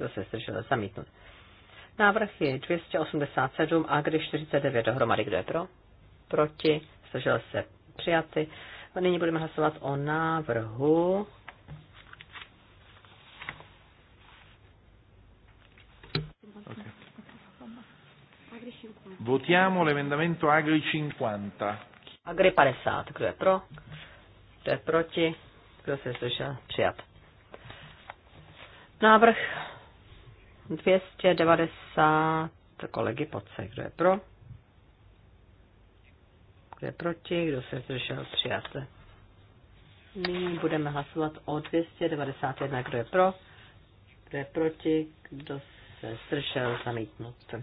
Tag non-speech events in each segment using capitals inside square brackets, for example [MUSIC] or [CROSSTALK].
kdo se zdržel, zamítnut. Návrh je 287 a když 49 dohromady, kdo je pro? Proti, zdržel se, přijaty. Nyní budeme hlasovat o návrhu Votiamo l'emendamento Agri 50. Agri 50, kdo je pro, kdo je proti, kdo se slyšel? přijat. Návrh 290 kolegy Poce. Kdo je pro? Kdo je proti? Kdo se zdržel? Přijat. Nyní budeme hlasovat o 291. Kdo je pro? Kdo je proti? Kdo se zdržel? Zamítnut.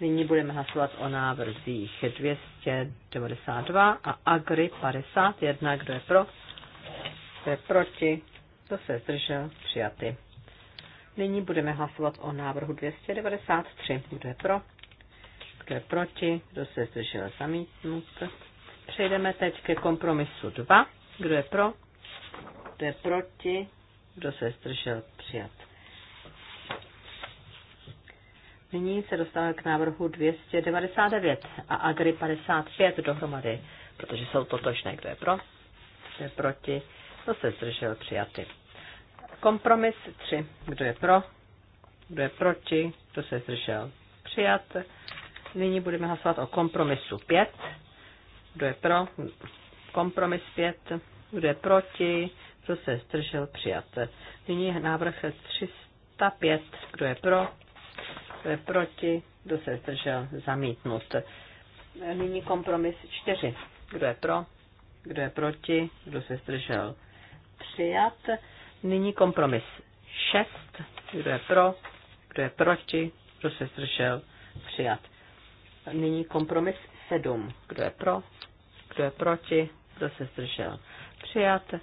Nyní budeme hlasovat o návrzích 292 a Agri 51. Kdo je pro? Kdo je proti? Kdo se zdržel? Přijaty. Nyní budeme hlasovat o návrhu 293. Kdo je pro? Kdo je proti? Kdo se zdržel zamítnut? Přejdeme teď ke kompromisu 2. Kdo je pro? Kdo je proti? Kdo se zdržel přijat? Nyní se dostáváme k návrhu 299 a Agri 55 dohromady, protože jsou totožné. Kdo je pro? Kdo je proti? Kdo se zdržel přijaty? Kompromis 3. Kdo je pro? Kdo je proti? Kdo se zdržel? Přijat. Nyní budeme hlasovat o kompromisu 5. Kdo je pro? Kompromis 5. Kdo je proti? Kdo se zdržel? Přijat. Nyní je návrh 305. Kdo je pro? Kdo je proti? Kdo se zdržel? Zamítnut. Nyní kompromis 4. Kdo je pro? Kdo je proti? Kdo se zdržel? Přijat. Nyní kompromis 6. Kdo je pro? Kdo je proti? Kdo se zdržel? Přijat. Nyní kompromis 7. Kdo je pro? Kdo je proti? Kdo se zdržel? Přijat.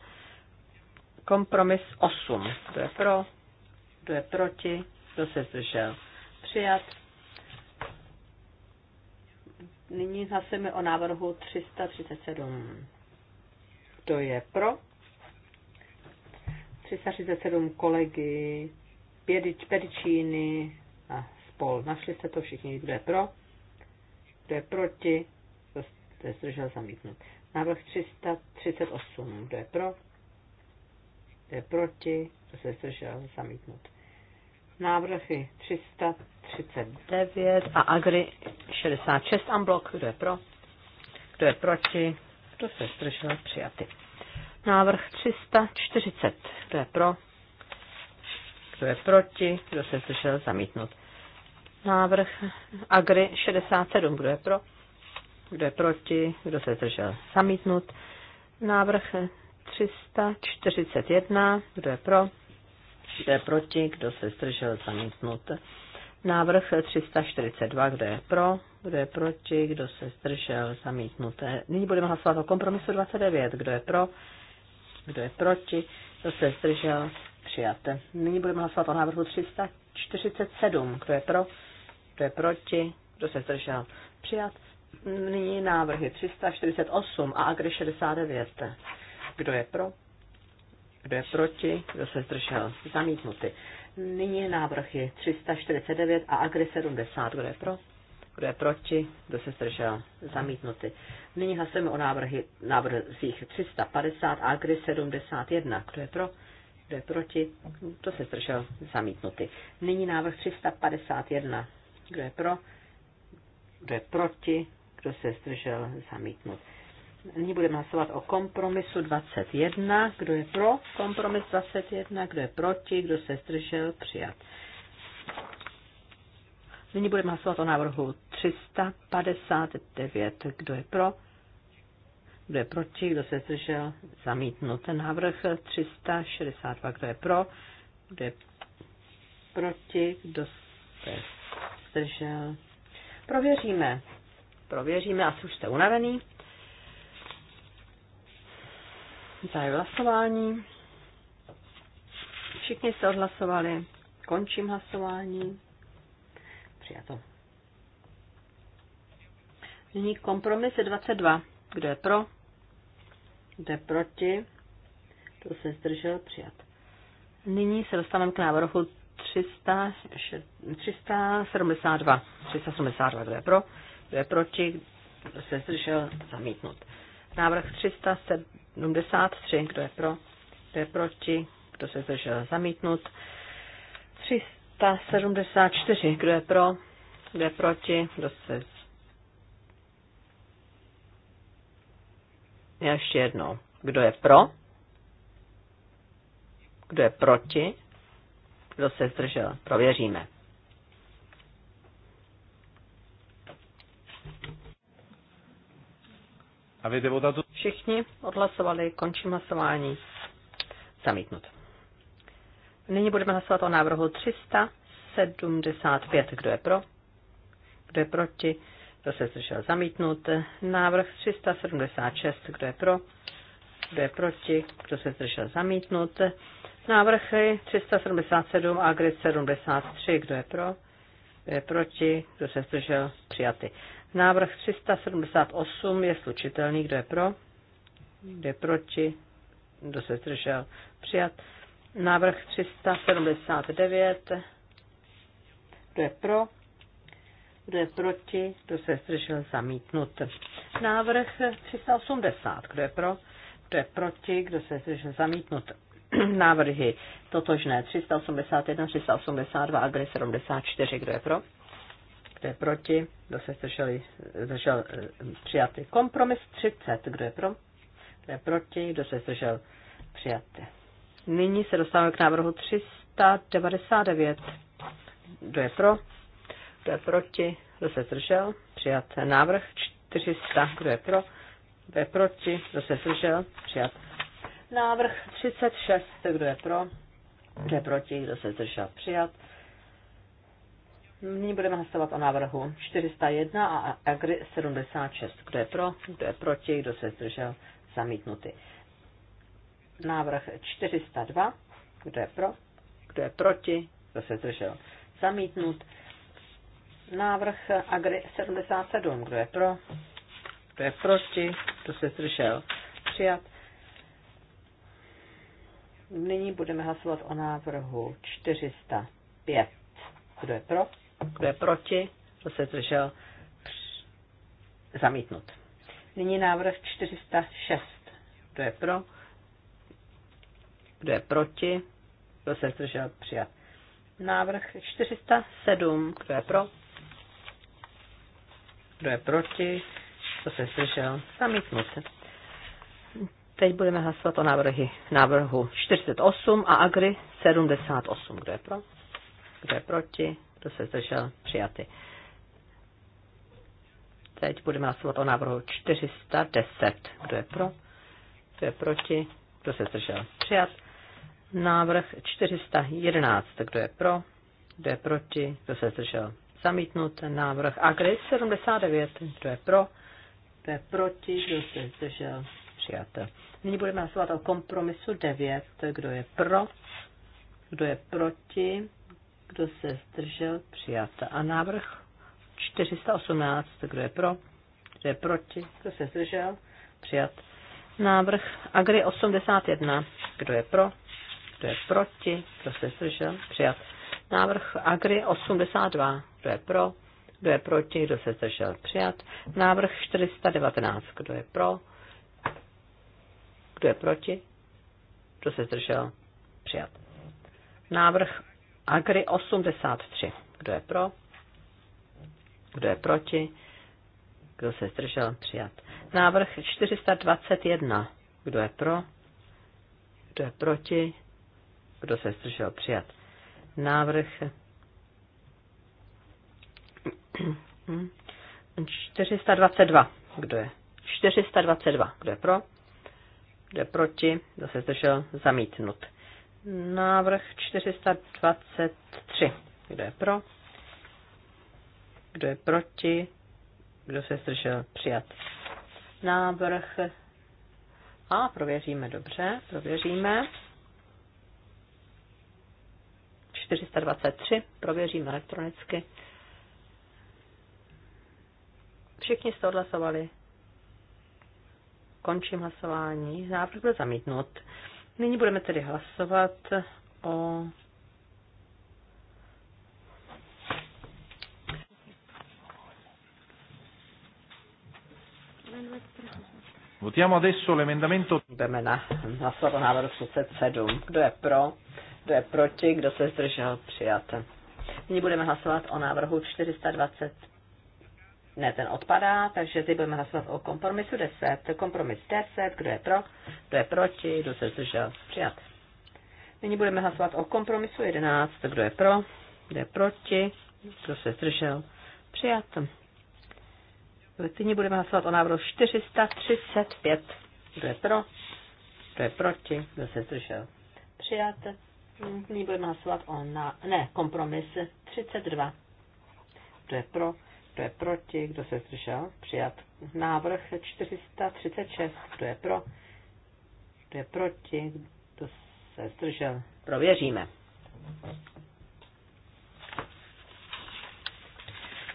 Kompromis 8. Kdo je pro? Kdo je proti? Kdo se zdržel? Přijat. Nyní hlasujeme o návrhu 337. Kdo je pro? 337 kolegy, Pedicíny a spol. Našli jste to všichni, kdo je pro, kdo je proti, kdo se zdržel zamítnout. Návrh 338, kdo je pro, kdo je proti, kdo se zdržel zamítnout. Návrhy 339 a Agri 66 amblok, kdo je pro, kdo je proti, kdo se zdržel přijaty. Návrh 340. Kdo je pro? Kdo je proti? Kdo se zdržel? Zamítnut. Návrh Agri 67. Kdo je pro? Kdo je proti? Kdo se zdržel? Zamítnut. Návrh 341. Kdo je pro? Kdo je proti? Kdo se zdržel? Zamítnut. Návrh 342, kdo je pro, kdo je proti, kdo se zdržel, zamítnout? Nyní budeme hlasovat o kompromisu 29, kdo je pro, kdo je proti? Kdo se zdržel? Přijat. Nyní budeme hlasovat o návrhu 347. Kdo je pro? Kdo je proti? Kdo se zdržel? Přijat. Nyní návrhy 348 a Agri 69. Kdo je pro? Kdo je proti? Kdo se zdržel? Zamítnuty. Nyní návrhy 349 a Agri 70. Kdo je pro? kdo je proti, kdo se zdržel, zamítnuty. Nyní hlasujeme o návrhy, návrzích 350 a kdy 71, kdo je pro, kdo je proti, kdo se zdržel, zamítnuty. Nyní návrh 351, kdo je pro, kdo je proti, kdo se zdržel, zamítnut. Nyní budeme hlasovat o kompromisu 21. Kdo je pro kompromis 21, kdo je proti, kdo se zdržel, přijat. Nyní budeme hlasovat o návrhu 359. Kdo je pro? Kdo je proti? Kdo se zdržel? Zamítnu Ten návrh 362. Kdo je pro? Kdo je proti? Kdo se zdržel? Prověříme. Prověříme, asi už jste unavený. Zahajuji hlasování. Všichni se odhlasovali. Končím hlasování. Přijato. Nyní kompromis 22. Kdo je pro? Kdo je proti? Kdo se zdržel? Přijat. Nyní se dostaneme k návrhu 372. 372. Kdo je pro? Kdo je proti? Kdo se zdržel? Zamítnut. Návrh 373. Kdo je pro? Kdo je proti? Kdo se zdržel? Zamítnut. 300. Ta 74, kdo je pro, kdo je proti, kdo se... Já ještě jednou. Kdo je pro? Kdo je proti? Kdo se zdržel? Prověříme. Všichni odhlasovali, končím hlasování. Zamítnut. Nyní budeme hlasovat o návrhu 375. Kdo je pro? Kdo je proti? Kdo se zdržel zamítnut? Návrh 376. Kdo je pro? Kdo je proti? Kdo se zdržel zamítnut? Návrh 377 a 73. Kdo je pro? Kdo je proti? Kdo se zdržel? Přijaty. Návrh 378 je slučitelný. Kdo je pro? Kdo je proti? Kdo se zdržel? Přijat. Návrh 379. Kdo je pro? Kdo je proti? Kdo se zdržel? Zamítnut. Návrh 380. Kdo je pro? Kdo je proti? Kdo se zdržel? Zamítnut. [CLEARS THROAT] Návrhy totožné 381, 382 a 274. Kdo je pro? Kdo je proti? Kdo se zdržel? zdržel eh, přijatý. Kompromis 30. Kdo je pro? Kdo je proti? Kdo se zdržel? Přijatý. Nyní se dostáváme k návrhu 399. Kdo je pro? Kdo je proti? Kdo se zdržel? Přijat návrh 400. Kdo je pro? Kdo je proti? Kdo se zdržel? Přijat. Návrh 36. Kdo je pro? Kdo je proti? Kdo se zdržel? Přijat. Nyní budeme hlasovat o návrhu 401 a Agri 76. Kdo je pro? Kdo je proti? Kdo se zdržel? Zamítnutý. Návrh 402. Kdo je pro? Kdo je proti? Kdo se zdržel? Zamítnut. Návrh Agri 77. Kdo je pro? Kdo je proti? Kdo se zdržel? Přijat. Nyní budeme hlasovat o návrhu 405. Kdo je pro? Kdo je proti? Kdo se zdržel? Zamítnut. Nyní návrh 406. Kdo je pro? Kdo je proti? Kdo se zdržel? Přijat. Návrh 407. Kdo je pro? Kdo je proti? Kdo se zdržel? Zamítnut. Teď budeme hlasovat o návrhy, návrhu 48 a Agri 78. Kdo je pro? Kdo je proti? Kdo se zdržel? Přijaty. Teď budeme hlasovat o návrhu 410. Kdo je pro? Kdo je proti? Kdo se zdržel? Přijat. Návrh 411. Kdo je pro? Kdo je proti? Kdo se zdržel? Zamítnut návrh Agri 79. Kdo je pro? Kdo je proti? Kdo se zdržel? Přijat. Nyní budeme hlasovat o kompromisu 9. Kdo je pro? Kdo je proti? Kdo se zdržel? Přijat. A návrh 418. Kdo je pro? Kdo je proti? Kdo se zdržel? Přijat. Návrh Agri 81. Kdo je pro? kdo je proti, kdo se zdržel, přijat. Návrh Agri 82, kdo je pro, kdo je proti, kdo se zdržel, přijat. Návrh 419, kdo je pro, kdo je proti, kdo se zdržel, přijat. Návrh Agri 83, kdo je pro, kdo je proti, kdo se zdržel, přijat. Návrh 421, kdo je pro, kdo je proti, kdo se zdržel? Přijat. Návrh 422. Kdo je? 422. Kdo je pro? Kdo je proti? Kdo se zdržel? Zamítnut. Návrh 423. Kdo je pro? Kdo je proti? Kdo se zdržel? Přijat. Návrh. A prověříme, dobře, prověříme. 423, prověřím elektronicky. Všichni jste odhlasovali. Končím hlasování. Návrh byl zamítnut. Nyní budeme tedy hlasovat o Votiamo adesso l'emendamento. Jdeme na hlasovat návrh 37. Kdo je pro? Kdo je proti? Kdo se zdržel? Přijat. Nyní budeme hlasovat o návrhu 420. Ne, ten odpadá, takže teď budeme hlasovat o kompromisu 10. Kompromis 10, kdo je pro, kdo je proti, kdo se zdržel, přijat. Nyní budeme hlasovat o kompromisu 11, kdo je pro, kdo je proti, kdo se zdržel, přijat. Nyní budeme hlasovat o návrhu 435, kdo je pro, kdo je proti, kdo se zdržel, přijat. Nyní budeme hlasovat o na, ne, kompromis 32. Kdo je pro, kdo je proti, kdo se zdržel, přijat. Návrh 436, kdo je pro, kdo je proti, kdo se zdržel, prověříme.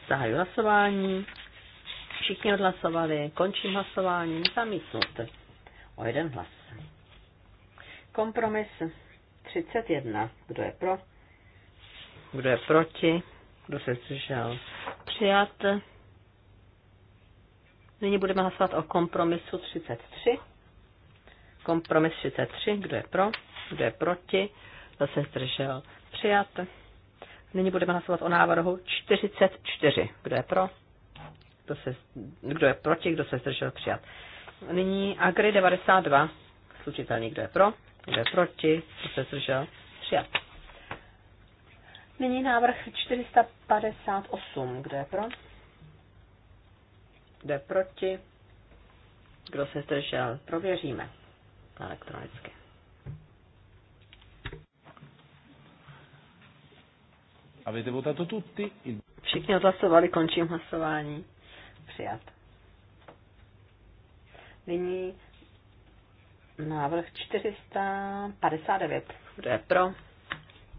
Zahaju hlasování. Všichni odhlasovali. Končím hlasování. Zamítnut. O jeden hlas. Kompromis 31. Kdo je pro? Kdo je proti? Kdo se zdržel? Přijat. Nyní budeme hlasovat o kompromisu 33. Kompromis 33. Kdo je pro? Kdo je proti? Kdo se zdržel? Přijat. Nyní budeme hlasovat o návrhu 44. Kdo je pro? Kdo, se, kdo je proti? Kdo se zdržel? Přijat. Nyní Agri 92. Slučitelný. Kdo je pro? Kdo proti? Co se zdržel? Přijat. Nyní návrh 458. Kdo je pro? Kdo je proti? Kdo se zdržel? Prověříme elektronicky. to votato ty... Všichni odhlasovali, končím hlasování. Přijat. Nyní Návrh 459. Kdo je pro?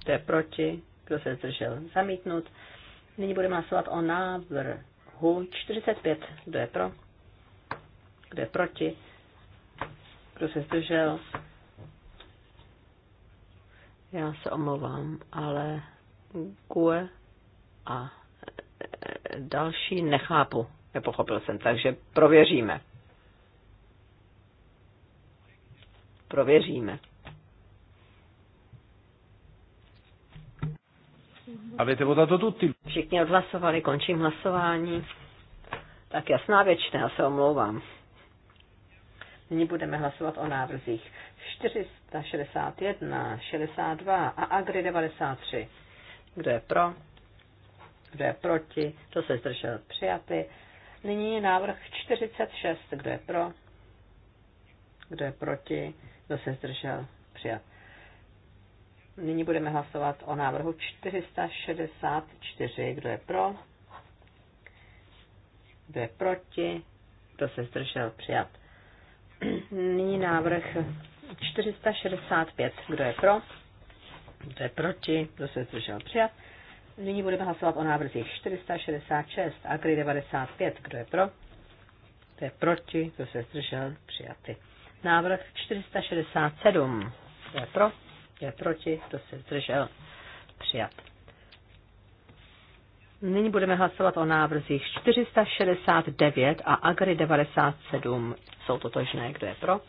Kdo je proti? Kdo se zdržel? Zamítnut. Nyní budeme hlasovat o návrhu 45. Kdo je pro? Kdo je proti? Kdo se zdržel? Já se omlouvám, ale GUE a e, e, další nechápu. Nepochopil jsem, takže prověříme. prověříme. Avete votato tutti? Všichni odhlasovali, končím hlasování. Tak jasná většina, já se omlouvám. Nyní budeme hlasovat o návrzích 461, 62 a Agri 93. Kdo je pro? Kdo je proti? To se zdržel? Přijaty. Nyní je návrh 46. Kdo je pro? Kdo je proti? zase se zdržel? Přijat. Nyní budeme hlasovat o návrhu 464. Kdo je pro? Kdo je proti? Kdo se zdržel? Přijat. [CLEARS THROAT] Nyní návrh 465. Kdo je pro? Kdo je proti? Kdo se zdržel? Přijat. Nyní budeme hlasovat o návrzích 466 a 95. Kdo je pro? Kdo je proti? Kdo se zdržel? Přijaty. Návrh 467. Kdo je pro? Kdo je proti? Kdo se zdržel? Přijat. Nyní budeme hlasovat o návrzích 469 a Agri 97. Jsou totožné. Kdo je pro?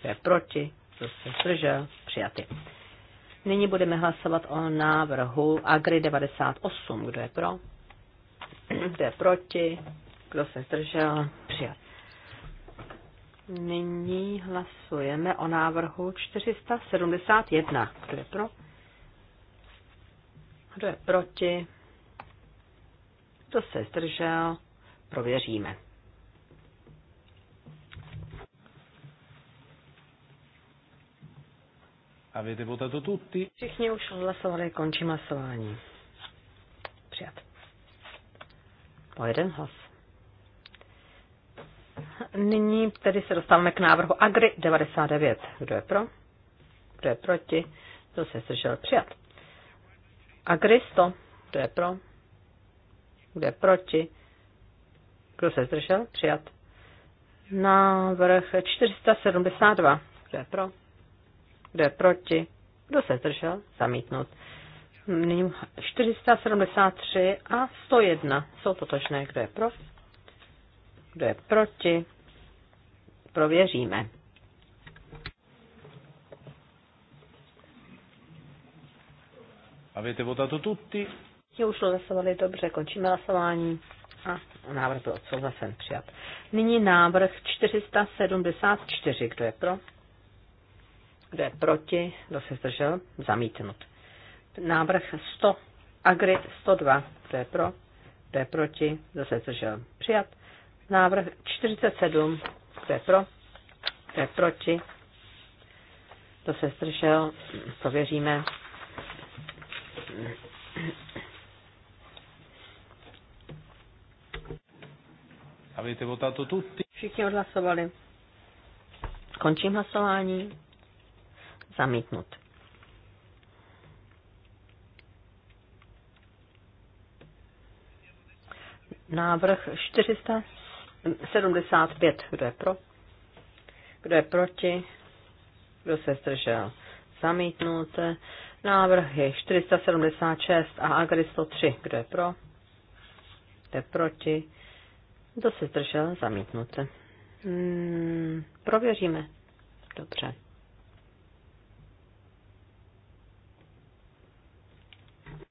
Kdo je proti? Kdo se zdržel? Přijaty. Nyní budeme hlasovat o návrhu Agri 98. Kdo je pro? Kdo je proti? Kdo se zdržel? Přijat. Nyní hlasujeme o návrhu 471. Kdo je pro? Kdo je proti? Kdo se zdržel? Prověříme. Avete votato tutti? Všichni už hlasovali, končím hlasování. Přijat. O jeden hlas nyní tedy se dostáváme k návrhu Agri 99. Kdo je pro? Kdo je proti? Kdo se zdržel? Přijat. Agri 100. Kdo je pro? Kdo je proti? Kdo se zdržel? Přijat. Návrh 472. Kdo je pro? Kdo je proti? Kdo se zdržel? Zamítnut. Nyní 473 a 101 jsou totožné. Kdo je pro? kdo je proti, prověříme. Avete votato tutti? Ti už hlasovali dobře, končíme hlasování. A návrh byl odsouhlasen, přijat. Nyní návrh 474. Kdo je pro? Kdo je proti? Kdo se zdržel? Zamítnut. Návrh 100. Agri 102. Kdo je pro? Kdo je proti? Kdo se zdržel? Přijat. Návrh 47. Kdo je pro? Kdo je proti? To se zdržel, prověříme. Avete votato tutti? Všichni odhlasovali. Končím hlasování. Zamítnut. Návrh 400. 75. Kdo je pro? Kdo je proti? Kdo se zdržel? Zamítnut. je 476 a Agri 103. Kdo je pro? Kdo je proti? Kdo se zdržel? Zamítnut. Hmm, prověříme. Dobře.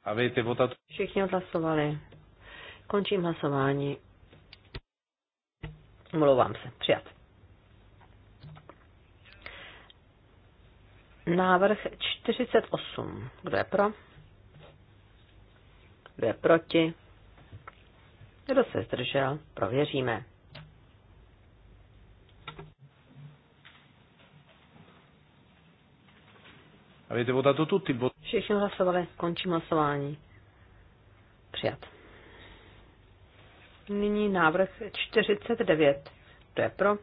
A vy ty votat... Všichni odhlasovali. Končím hlasování. Mluvám se. Přijat. Návrh 48. Kdo je pro? Kdo je proti? Kdo se zdržel? Prověříme. Všichni hlasovali. Končím hlasování. Přijat. Nyní návrh 49. To je pro?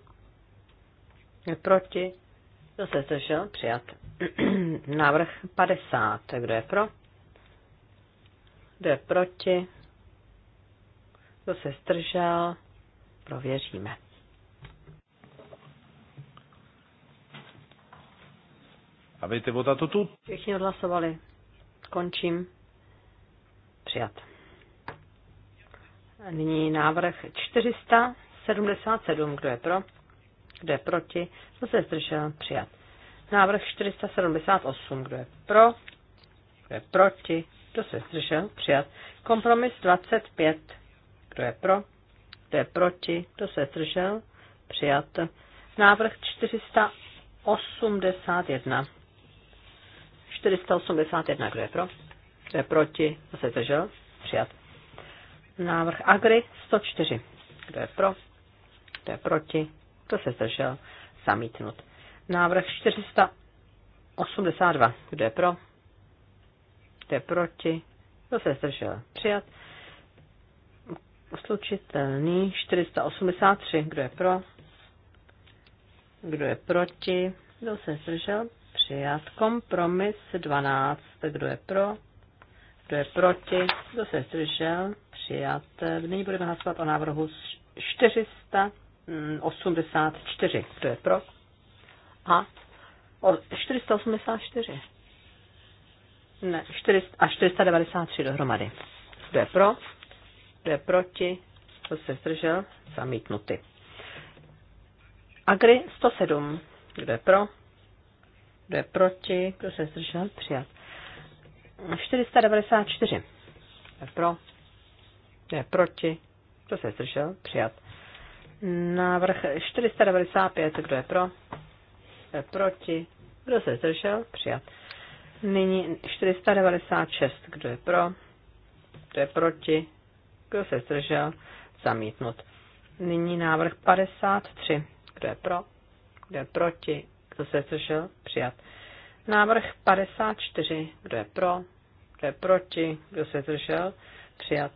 Je proti? Kdo se zdržel? Přijat. [CLEARS THROAT] návrh 50. Kdo je pro? Kdo je proti? Kdo se zdržel? Prověříme. ty Avete votato tu... Všichni odhlasovali. Končím. Přijat. A nyní návrh 477. Kdo je pro? Kdo je proti? Kdo se zdržel? Přijat. Návrh 478. Kdo je pro? Kdo je proti? Kdo se zdržel? Přijat. Kompromis 25. Kdo je pro? Kdo je proti? Kdo se zdržel? Přijat. Návrh 481. 481. Kdo je pro? Kdo je proti? Kdo se zdržel? Přijat. Návrh Agri 104. Kdo je pro? Kdo je proti? Kdo se zdržel? Zamítnut. Návrh 482. Kdo je pro? Kdo je proti? Kdo se zdržel? Přijat. Slučitelný 483. Kdo je pro? Kdo je proti? Kdo se zdržel? Přijat. Kompromis 12. Kdo je pro? Kdo je proti? Kdo se zdržel? přijat. Nyní budeme hlasovat o návrhu 484. Kdo je pro? A o 484. Ne, 400, a 493 dohromady. Kdo je pro? Kdo je proti? Kdo se zdržel? Zamítnuty. Agri 107. Kdo je pro? Kdo je proti? Kdo se zdržel? Přijat. 494. Kdo je pro? Kdo je proti? Kdo se zdržel? Přijat. Návrh 495. Kdo je pro? Kdo je proti? Kdo se zdržel? Přijat. Nyní 496. Kdo je pro? Kdo je proti? Kdo se zdržel? Zamítnut. Nyní návrh 53. Kdo je pro? Kdo je proti? Kdo se zdržel? Přijat. Návrh 54. Kdo je pro? Kdo je proti? Kdo se zdržel? Přijat.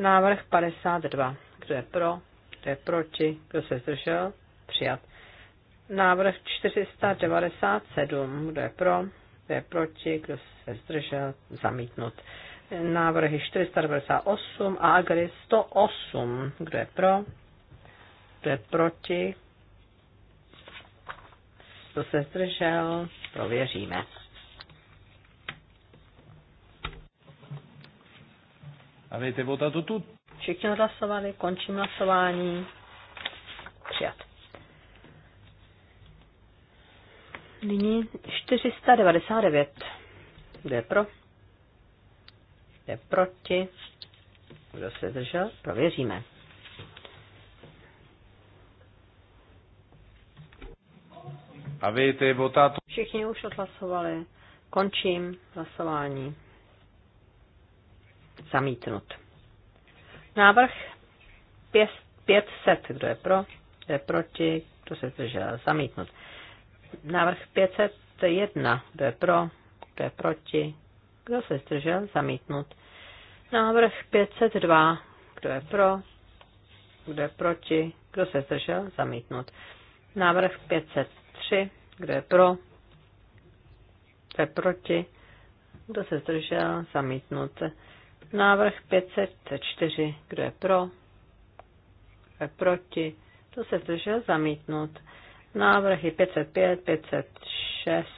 Návrh 52. Kdo je pro? Kdo je proti? Kdo se zdržel? Přijat. Návrh 497. Kdo je pro? Kdo je proti? Kdo se zdržel? Zamítnut. Návrhy 498 a agri 108. Kdo je pro? Kdo je proti? Kdo se zdržel? Prověříme. Avete votato tutti? Všichni hlasovali, končím hlasování. Přijat. Nyní 499. Kdo je pro? Kdo je proti? Kdo se držel? Prověříme. Avete votato? Všichni už odhlasovali. Končím hlasování zamítnut. Návrh 500, kdo je pro, kdo je proti, kdo se zdržel, zamítnut. Návrh 501, kdo je pro, kdo je proti, kdo se zdržel, zamítnut. Návrh 502, kdo je pro, kdo je proti, kdo se zdržel, zamítnut. Návrh 503, kdo je pro, kdo je proti, kdo se zdržel, zamítnut. Návrh 504. Kdo je pro? Kdo je proti? Kdo se zdržel? Zamítnut. Návrhy 505, 506.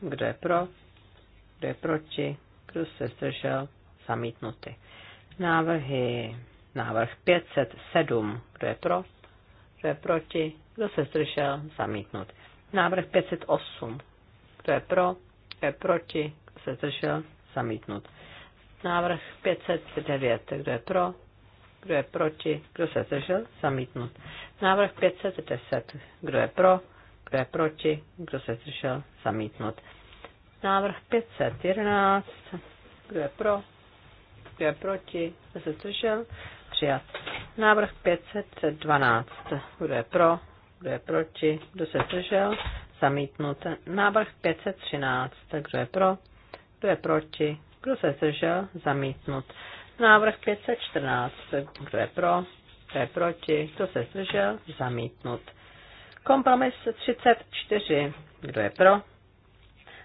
Kdo je pro? Kdo je proti? Kdo se zdržel? Zamítnuty. Návrhy. Návrh 507. Kdo je pro? Kdo je proti? Kdo se zdržel? Zamítnut. Návrh 508. Kdo je pro? Kdo je proti? Kdo se zdržel? Zamítnut. Návrh 509. Kdo je pro? Kdo je proti? Kdo se zdržel? Zamítnut. Návrh 510. Kdo je pro? Kdo je proti? Kdo se zdržel? Zamítnut. Návrh 511. Kdo je pro? Kdo je proti? Kdo se zdržel? Přijat. Návrh 512. Kdo je pro? Kdo je proti? Kdo se zdržel? Zamítnut. Návrh 513. Kdo je pro? Kdo je proti? Kdo se zdržel? Zamítnut. Návrh 514. Kdo je pro? Kdo je proti? Kdo se zdržel? Zamítnut. Kompromis 34. Kdo je pro?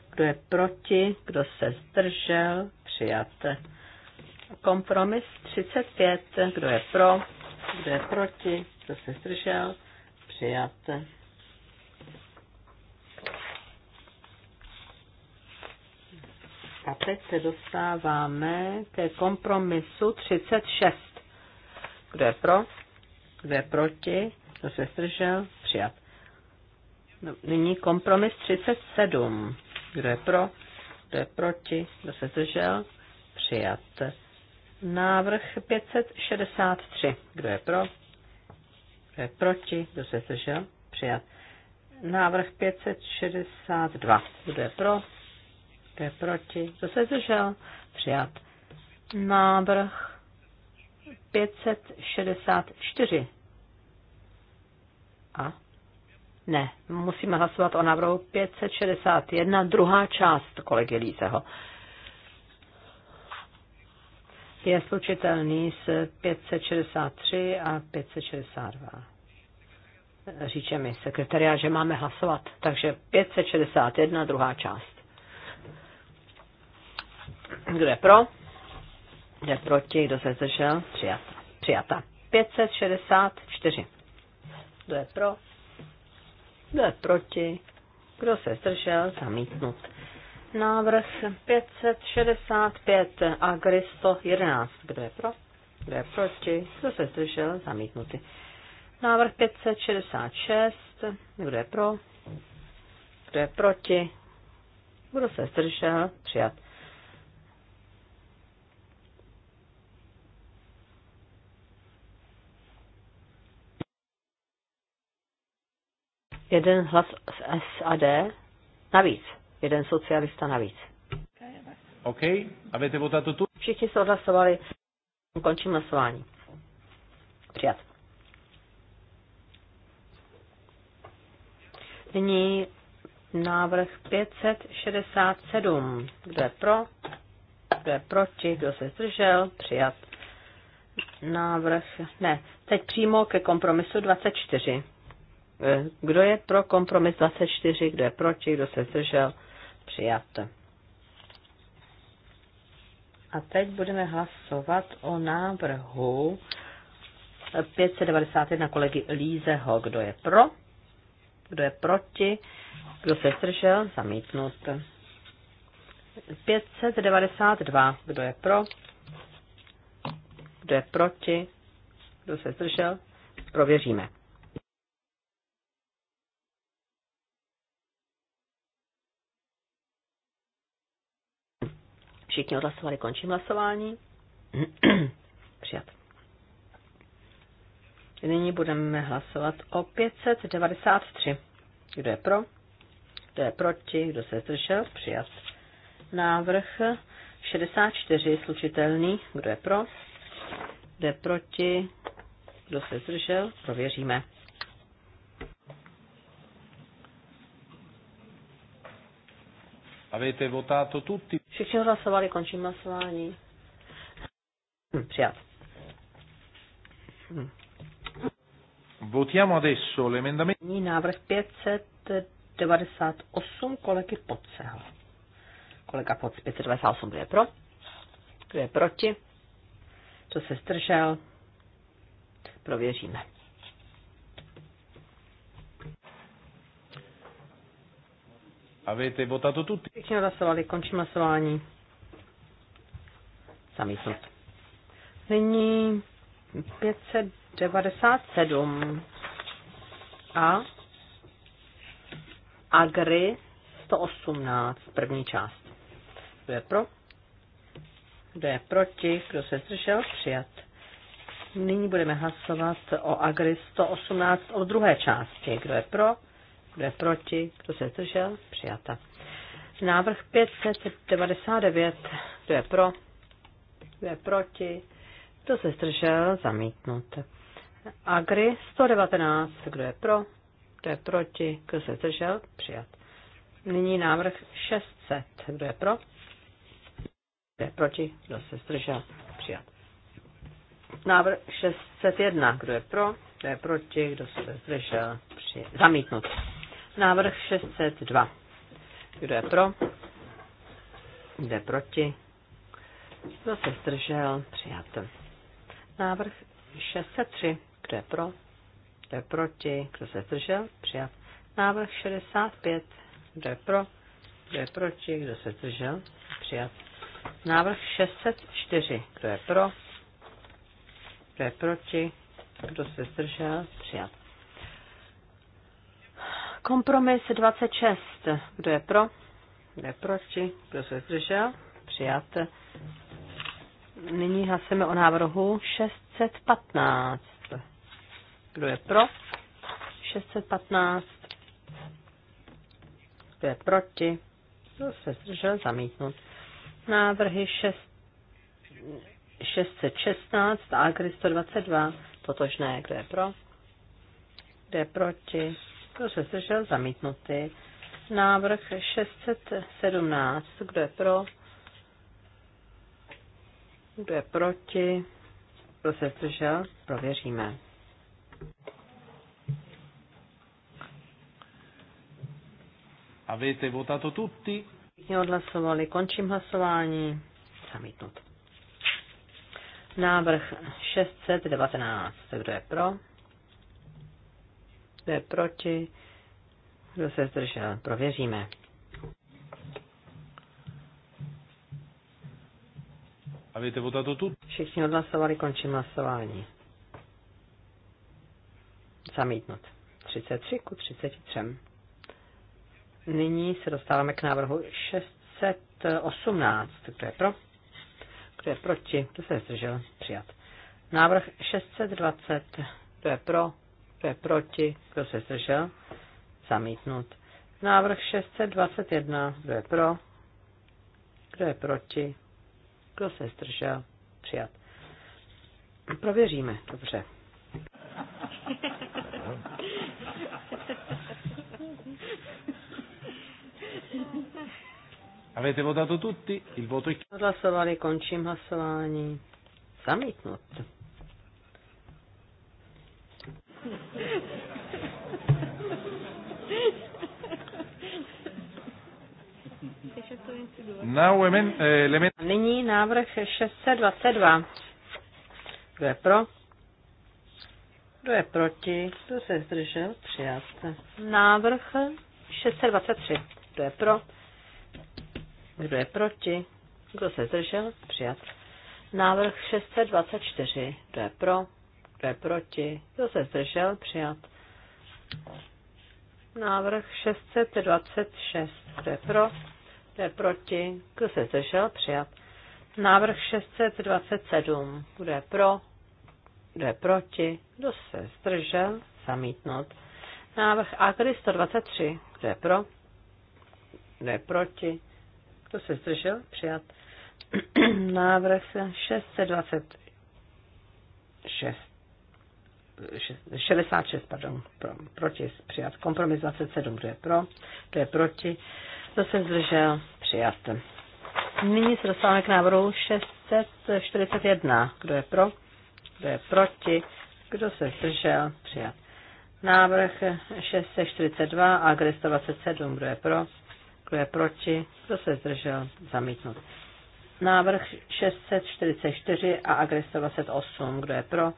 Kdo je proti? Kdo se zdržel? Přijat. Kompromis 35. Kdo je pro? Kdo je proti? Kdo se zdržel? Přijat. A teď se dostáváme ke kompromisu 36. Kdo je pro? Kdo je proti? Kdo se zdržel? Přijat. No, nyní kompromis 37. Kdo je pro? Kdo je proti? Kdo se zdržel? Přijat. Návrh 563. Kdo je pro? Kdo je proti? Kdo se zdržel? Přijat. Návrh 562. Kdo je pro? kdo je proti, kdo se zdržel, přijat. Návrh 564. A? Ne, musíme hlasovat o návrhu 561, druhá část kolegy Lízeho. Je slučitelný s 563 a 562. Říče mi sekretariá, že máme hlasovat, takže 561, druhá část. Kdo je pro? Kdo je proti? Kdo se zdržel? Přijata. Přijata. 564. Kdo je pro? Kdo je proti? Kdo se zdržel? Zamítnut. Návrh 565 a Gry 111. Kdo je pro? Kdo je proti? Kdo se zdržel? Zamítnutý. Návrh 566. Kdo je pro? Kdo je proti? Kdo se zdržel? Přijat. jeden hlas z SAD navíc, jeden socialista navíc. OK, avete votato tu? Všichni se odhlasovali. Končím hlasování. Přijat. Nyní návrh 567. Kdo je pro? Kdo je proti? Kdo se zdržel? Přijat. Návrh, ne, teď přímo ke kompromisu 24. Eh, kdo je pro kompromis 24, kdo je proti, kdo se zdržel, přijat. A teď budeme hlasovat o návrhu 591 kolegy Lízeho. Kdo je pro? Kdo je proti? Kdo se zdržel? Zamítnut. 592. Kdo je pro? Kdo je proti? Kdo se zdržel? Prověříme. Všichni odhlasovali, končím hlasování. [CLEARS THROAT] Přijat. Nyní budeme hlasovat o 593. Kdo je pro? Kdo je proti? Kdo se zdržel? Přijat. Návrh 64, slučitelný. Kdo je pro? Kdo je proti? Kdo se zdržel? Prověříme. Avete votato tutti? Všichni hlasovali, končím hlasování. Hm, přijat. Hm. Votiamo adesso l'emendamento. Nyní návrh 598 kolegy Podsel. Kolega Pod 598, kdo je pro? Kdo je proti? Co se zdržel? Prověříme. Avete votato tutti? Všichni hlasovali, končím hlasování. Zamítnut. Nyní 597 a Agri 118, první část. Kdo je pro? Kdo je proti? Kdo se zdržel? Přijat. Nyní budeme hlasovat o Agri 118 o druhé části. Kdo je pro? kdo je proti, kdo se zdržel, přijata. Návrh 599, kdo je pro, kdo je proti, kdo se zdržel, zamítnut. Agri 119, kdo je pro, kdo je proti, kdo se zdržel, přijat. Nyní návrh 600, kdo je pro, kdo je proti, kdo se zdržel, přijat. Návrh 601, kdo je pro, kdo je proti, kdo se zdržel, přijat. Zamítnut. Návrh 602. Kdo je pro? Kdo je proti? Kdo se zdržel? Přijat. Návrh 603. Kdo je pro? Kdo je proti? Kdo se zdržel? Přijat. Návrh 65. Kdo je pro? Kdo je proti? Kdo se zdržel? Přijat. Návrh 604. Kdo je pro? Kdo je proti? Kdo se zdržel? Přijat. Kompromis 26. Kdo je pro? Kdo je proti? Kdo se zdržel? Přijat. Nyní hlasujeme o návrhu 615. Kdo je pro? 615. Kdo je proti? Kdo se zdržel? Zamítnut. Návrhy 616 a Agri 122. Totožné. Kdo je pro? Kdo je proti? kdo se zdržel, zamítnuty. Návrh 617, kdo je pro, kdo je proti, kdo se zdržel, prověříme. Avete votato tutti? Všichni odhlasovali, končím hlasování. Zamítnut. Návrh 619, kdo je pro? Kdo je proti? Kdo se zdržel? Prověříme. A víte, to tu? Všichni odhlasovali, končím hlasování. Zamítnut. 33 ku 33. Nyní se dostáváme k návrhu 618. Kdo je pro? Kdo je proti? Kdo se zdržel? Přijat. Návrh 620. Kdo je pro? Kdo je proti? Kdo se zdržel? Zamítnut. Návrh 621. Kdo je pro? Kdo je proti? Kdo se zdržel? Přijat. Prověříme. Dobře. Avete votato tutti? Il voto è chiuso. Hlasovali, končím hlasování. Zamítnut. Eh, nyní návrh 622. Kdo je pro? Kdo je proti? Kdo se zdržel? Přijat. Návrh 623. Kdo je pro? Kdo je proti? Kdo se zdržel? Přijat. Návrh 624. Kdo je pro? kdo je proti, kdo se zdržel, přijat. Návrh 626, kdo je pro, kdo je proti, kdo se zdržel, přijat. Návrh 627, kdo je pro, kdo je proti, kdo se zdržel, zamítnout. Návrh Agri 123, kdo je pro, kdo je proti, kdo se zdržel, přijat. [CLEARS THROAT] Návrh 626, 66, pardon, pro, proti, přijat. Kompromis 27, kdo je pro, kdo je proti, kdo se zdržel, přijat. Nyní se dostáváme k návrhu 641, kdo je pro, kdo je proti, kdo se zdržel, přijat. Návrh 642 a 127, kdo je pro, kdo je proti, kdo se zdržel, zamítnut. Návrh 644 a agres 28 kdo je pro,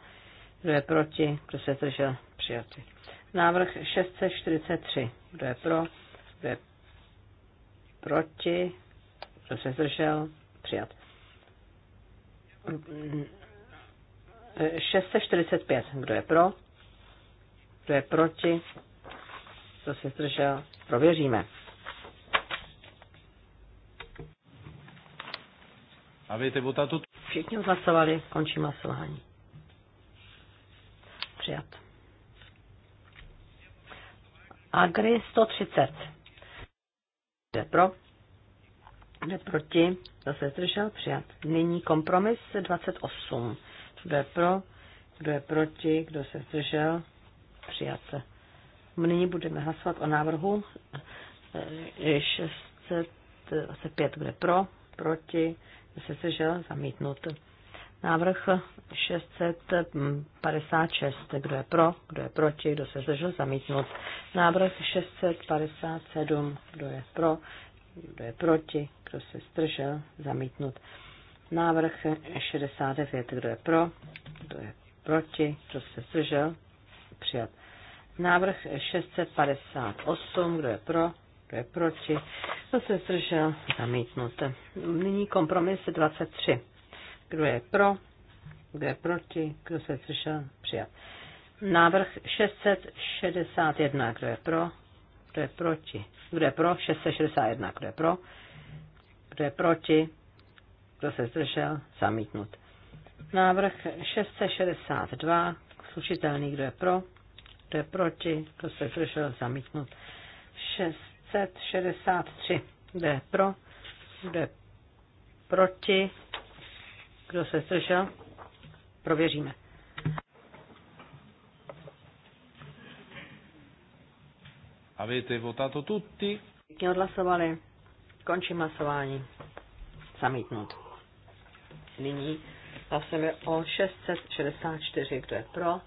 kdo je proti? Kdo se zdržel? Přijatý. Návrh 643. Kdo je pro? Kdo je proti? Kdo se zdržel? Přijat. 645. Kdo je pro? Kdo je proti? Kdo se zdržel? Prověříme. Avete votato? Všichni odhlasovali, končím hlasování přijat. Agri 130. Jde pro. Jde proti. Zase zdržel? Přijat. Nyní kompromis 28. Kdo je pro? Kdo je proti? Kdo se zdržel? Přijat. Nyní budeme hlasovat o návrhu 625. Eh, Kdo je pro? Proti? Kdo se zdržel? Zamítnut. Návrh 656. Kdo je pro, kdo je proti, kdo se zdržel zamítnout. Návrh 657. Kdo je pro, kdo je proti, kdo se zdržel zamítnout. Návrh 69. Kdo je pro, kdo je proti, kdo se zdržel přijat. Návrh 658. Kdo je pro, kdo je proti, kdo se zdržel zamítnout. Nyní kompromis 23. Kdo je pro? Kdo je proti? Kdo se zdržel? Přijat. Návrh 661. Kdo je pro? Kdo je proti? Kdo je pro? 661. Kdo je pro? Kdo je proti? Kdo se zdržel? Zamítnut. Návrh 662. Slučitelný. Kdo je pro? Kdo je proti? Kdo se zdržel? Zamítnut. 663. Kdo je pro? Kdo je proti? Kdo se slyšel? Prověříme. Avete votato tutti? Všichni odhlasovali. Končím hlasování. Zamítnut. Nyní hlasujeme o 664. Kdo je pro?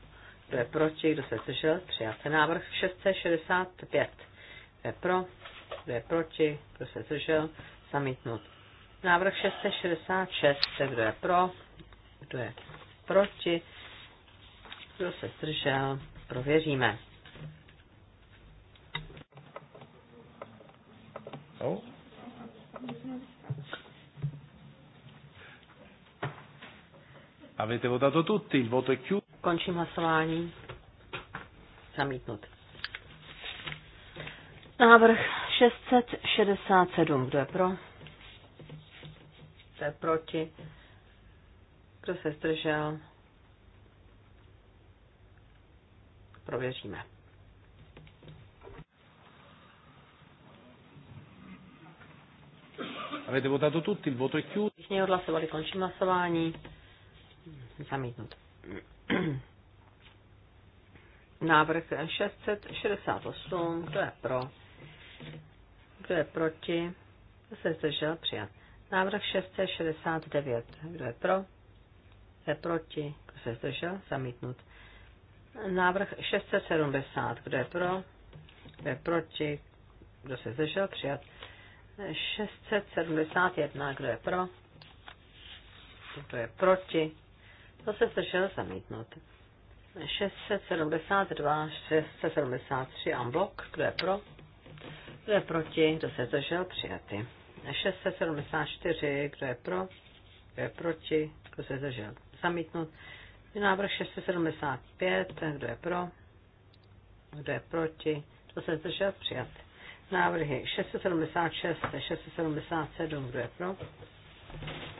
Kdo je proti? Kdo se slyšel? Přijal se návrh 665. Kdo je pro? Kdo je proti? Kdo se zdržel? Zamítnut. Návrh 666, kdo je pro, kdo je proti, kdo se zdržel, prověříme. Oh. Avete votato tutti, il voto è chiuso. Končím hlasování. Zamítnut. Návrh 667, kdo je pro? se? Proti? Kdo se zdržel? Prověříme. Avete votato tutti, il voto è chiuso. Všichni odhlasovali, končím hlasování. Zamítnut. [CLEARS THROAT] Návrh 668, kdo je pro? Kdo je proti? Kdo se zdržel? Přijat. Návrh 669. Kdo je pro? Kdo je proti? Kdo se zdržel? Zamítnut. Návrh 670. Kdo je pro? Kdo je proti? Kdo se zdržel? Přijat. 671. Kdo je pro? Kdo je proti? Kdo se zdržel? Zamítnut. 672, 673 amblok, blok. Kdo je pro? Kdo je proti? Kdo se zdržel? Přijatý. 674, kdo je pro, kdo je proti, kdo se zdržel, zamítnut. Návrh 675, kdo je pro, kdo je proti, kdo se zdržel, přijat. Návrhy 676, 677, kdo je pro,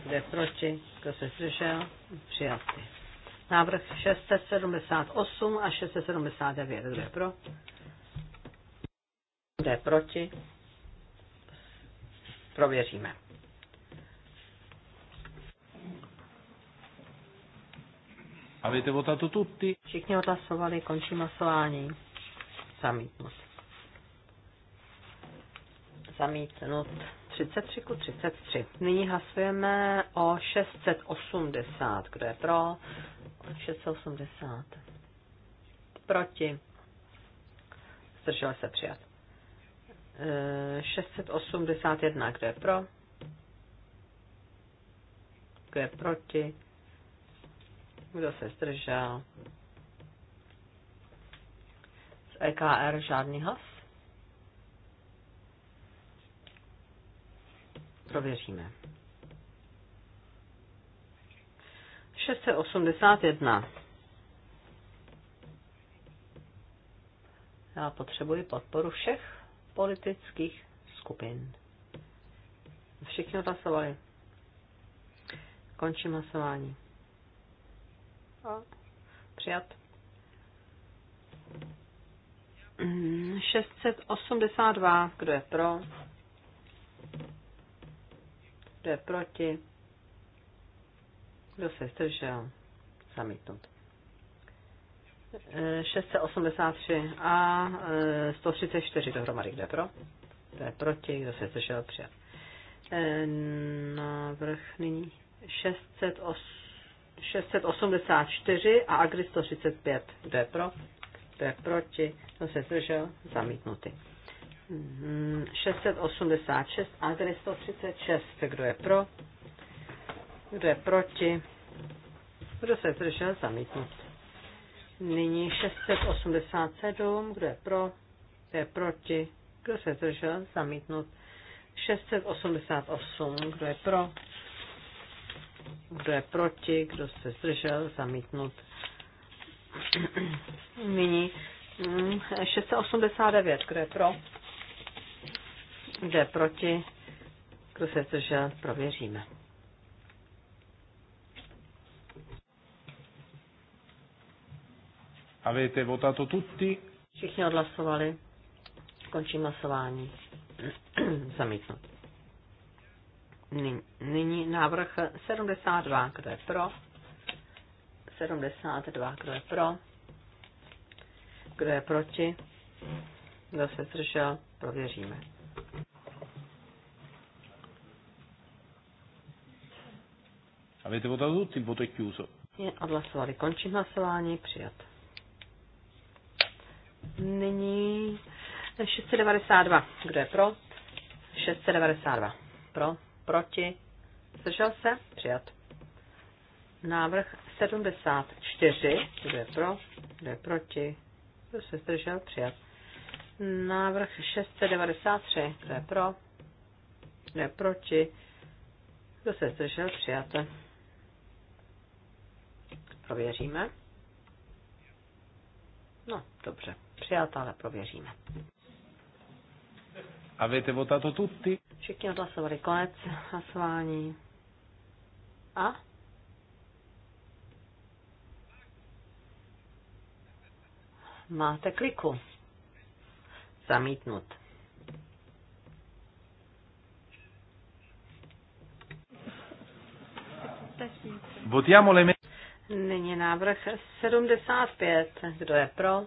kdo je proti, kdo se zdržel, přijaty. Návrh 678 a 679, kdo je pro, kdo je proti, prověříme. Avete votato tutti? Všichni odhlasovali, končím hlasování. Zamítnut. Zamítnut. 33 ku 33. Nyní hlasujeme o 680. Kdo je pro? 680. Proti. Zdržel se přijat. 681, kdo je pro? Kdo je proti? Kdo se zdržel? Z EKR žádný hlas? Prověříme. 681. Já potřebuji podporu všech politických skupin. Všichni hlasovali. Končím hlasování. A přijat. 682. Kdo je pro? Kdo je proti? Kdo se zdržel? Zamítnout. 683 a 134 e, dohromady, kde pro? To je proti, kdo se sešel přijat. Návrh nyní 684 a Agri 135, kde je pro? To je proti, kdo se sešel, zamítnutý. 686 a 136, kdo je pro? Kdo je proti? Kdo se zdržel, e, zamítnut. Mm, Nyní 687, kdo je pro, kdo je proti, kdo se zdržel, zamítnut. 688, kdo je pro, kdo je proti, kdo se zdržel, zamítnut. Nyní 689, mm, kdo je pro, kdo je proti, kdo se zdržel, prověříme. Avete votato tutti? Všichni odhlasovali. Končím hlasování. [CLEARS THROAT] Zamítnu. Nyní návrh 72, kdo je pro? 72, kdo je pro? Kdo je proti? Kdo se zdržel? Prověříme. Avete votato tutti, il voto è chiuso. Odhlasovali. Končím hlasování. Přijat. Nyní 692. Kdo je pro? 692. Pro? Proti? Zdržel se? Přijat. Návrh 74. Kdo je pro? Kdo je proti? Kdo se zdržel? Přijat. Návrh 693. Kdo je pro? Kdo je proti? Kdo se zdržel? Přijat. Prověříme. No, dobře. Přijata, ale prověříme. A o tato tutti? Všichni odhlasovali konec hlasování. A? Máte kliku. Zamítnut. Votiamo le Nyní návrh 75. Kdo je pro?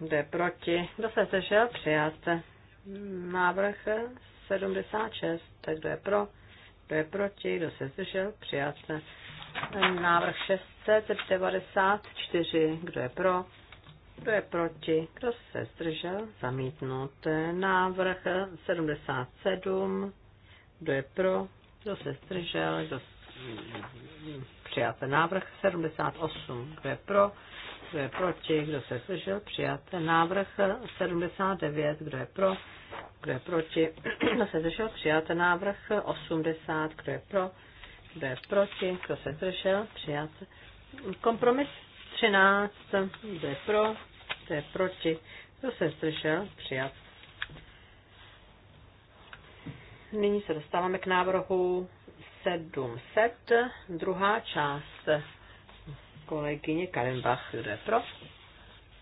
jde proti? Kdo se sešel? Přijat. Návrh 76. Tak kdo je pro? Kdo je proti? Kdo se zdržel? Přijat. Návrh 694. Kdo je pro? Kdo je proti? Kdo se zdržel? Zamítnut. Návrh 77. Kdo je pro? Kdo se zdržel? Kdo přijat. Návrh 78. Kdo je pro? kdo je proti, kdo se zdržel, přijat. Návrh 79, kdo je pro, kdo je proti, kdo se zdržel, přijat. Návrh 80, kdo je pro, kdo je proti, kdo se zdržel, přijat. Kompromis 13, kdo je pro, kdo je proti, kdo se zdržel, přijat. Nyní se dostáváme k návrhu 700, druhá část kolegyně Karen Karenbach, kdo je pro,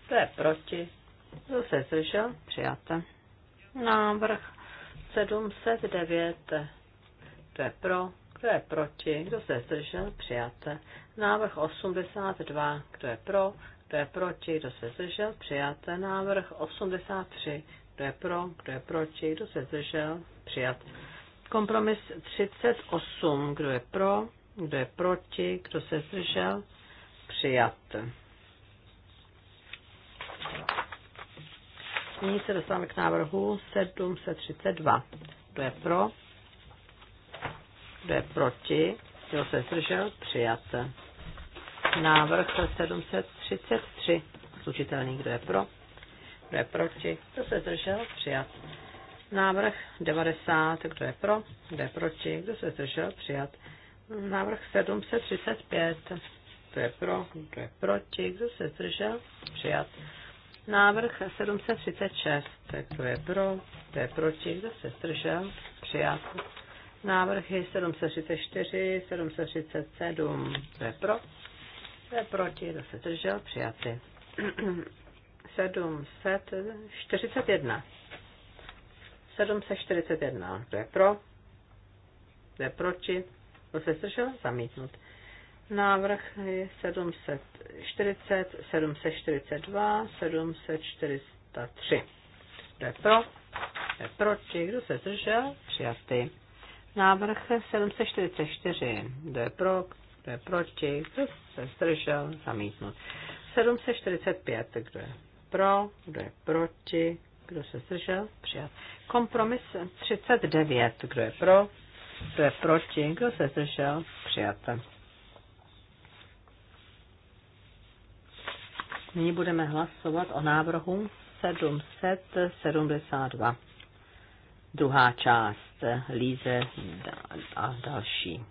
To je proti, kdo se zdržel, přijata. Návrh 709, kdo je pro, kdo je proti, kdo se zdržel, přijata. Návrh 82, kdo je pro, kdo je proti, kdo se zdržel, přijata. Návrh 83, kdo je pro, kdo je proti, kdo se zdržel, přijat. Kompromis 38, kdo je pro, kdo je proti, kdo se zdržel, přijat. Nyní se dostáváme k návrhu 732. Kdo je pro? Kdo je proti? Kdo se zdržel? Přijat. Návrh 733. Slučitelný. Kdo je pro? Kdo je proti? Kdo se zdržel? Přijat. Návrh 90. Kdo je pro? Kdo je proti? Kdo se zdržel? Přijat. Návrh 735. To je pro, To je proti, kdo se zdržel, přijat. Návrh 736, To je pro, To je proti, kdo se zdržel, přijat. Návrhy 734, 737, To je pro, To je proti, kdo se zdržel, přijaty. 741. 741. To je pro? To je proti? Kdo se zdržel? Zamítnut. Návrh je 740, 742, 743. Kdo je pro? Kdo je proti? Kdo se zdržel? Přijatý. Návrh 744. Kdo je pro? Kdo je proti? Kdo se zdržel? Zamítnut. 745. Kdo je pro? Kdo je proti? Kdo se zdržel? Přijat. Kompromis 39. Kdo je pro? Kdo je proti? Kdo se zdržel? Přijat. Nyní budeme hlasovat o návrhu 772. Druhá část Líze a další.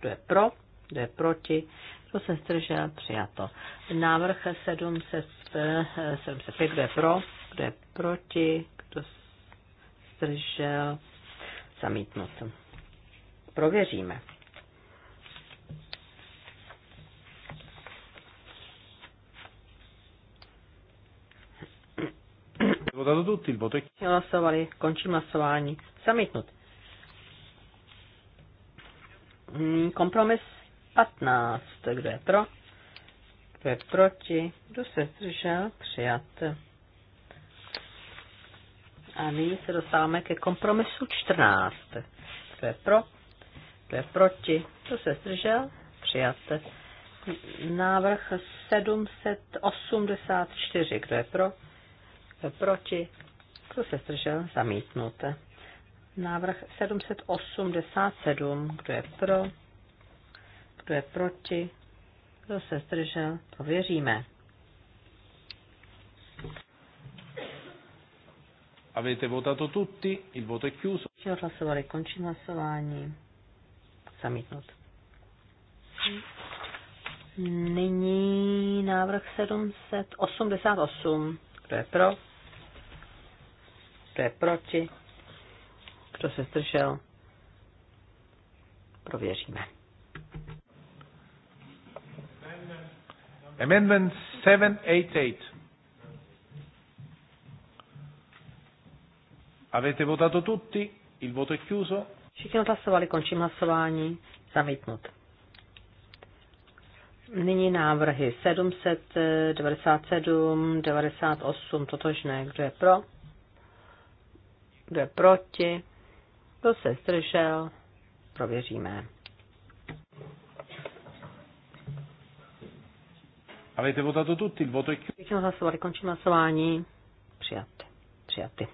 Kdo je pro, kdo je proti, kdo se zdržel, přijato. Návrh 705, kdo je pro, kdo je proti, kdo zdržel, zamítnut. Prověříme. Votato tutti il voto. Hlasovali, končím hlasování. Zamítnut. Mm, kompromis 15. Kdo je pro? Kdo je proti? Kdo se zdržel? Přijat. A nyní se dostáváme ke kompromisu 14. Kdo je pro? Kdo je proti? Kdo se zdržel? Přijat. Návrh 784. Kdo je pro? proti, kdo se zdržel, zamítnut. Návrh 787, kdo je pro, kdo je proti, kdo se zdržel, prověříme. Avete votato tutti, il voto è chiuso. Hlasovali, končím hlasování. Zamítnout. Nyní návrh 788. Kdo je pro? Kdo je proti? Kdo se zdržel? Prověříme. Amendment 788. Avete votato tutti? Il voto è chiuso? Všichni hlasovali, končím hlasování. Zamítnut. Nyní návrhy 797, 98, totožné. Kdo je pro? Kdo je proti? Kdo se zdržel? Prověříme. Avete votato tutti, il voto è chiuso. hlasovali, končím hlasování. Přijat. Přijaty.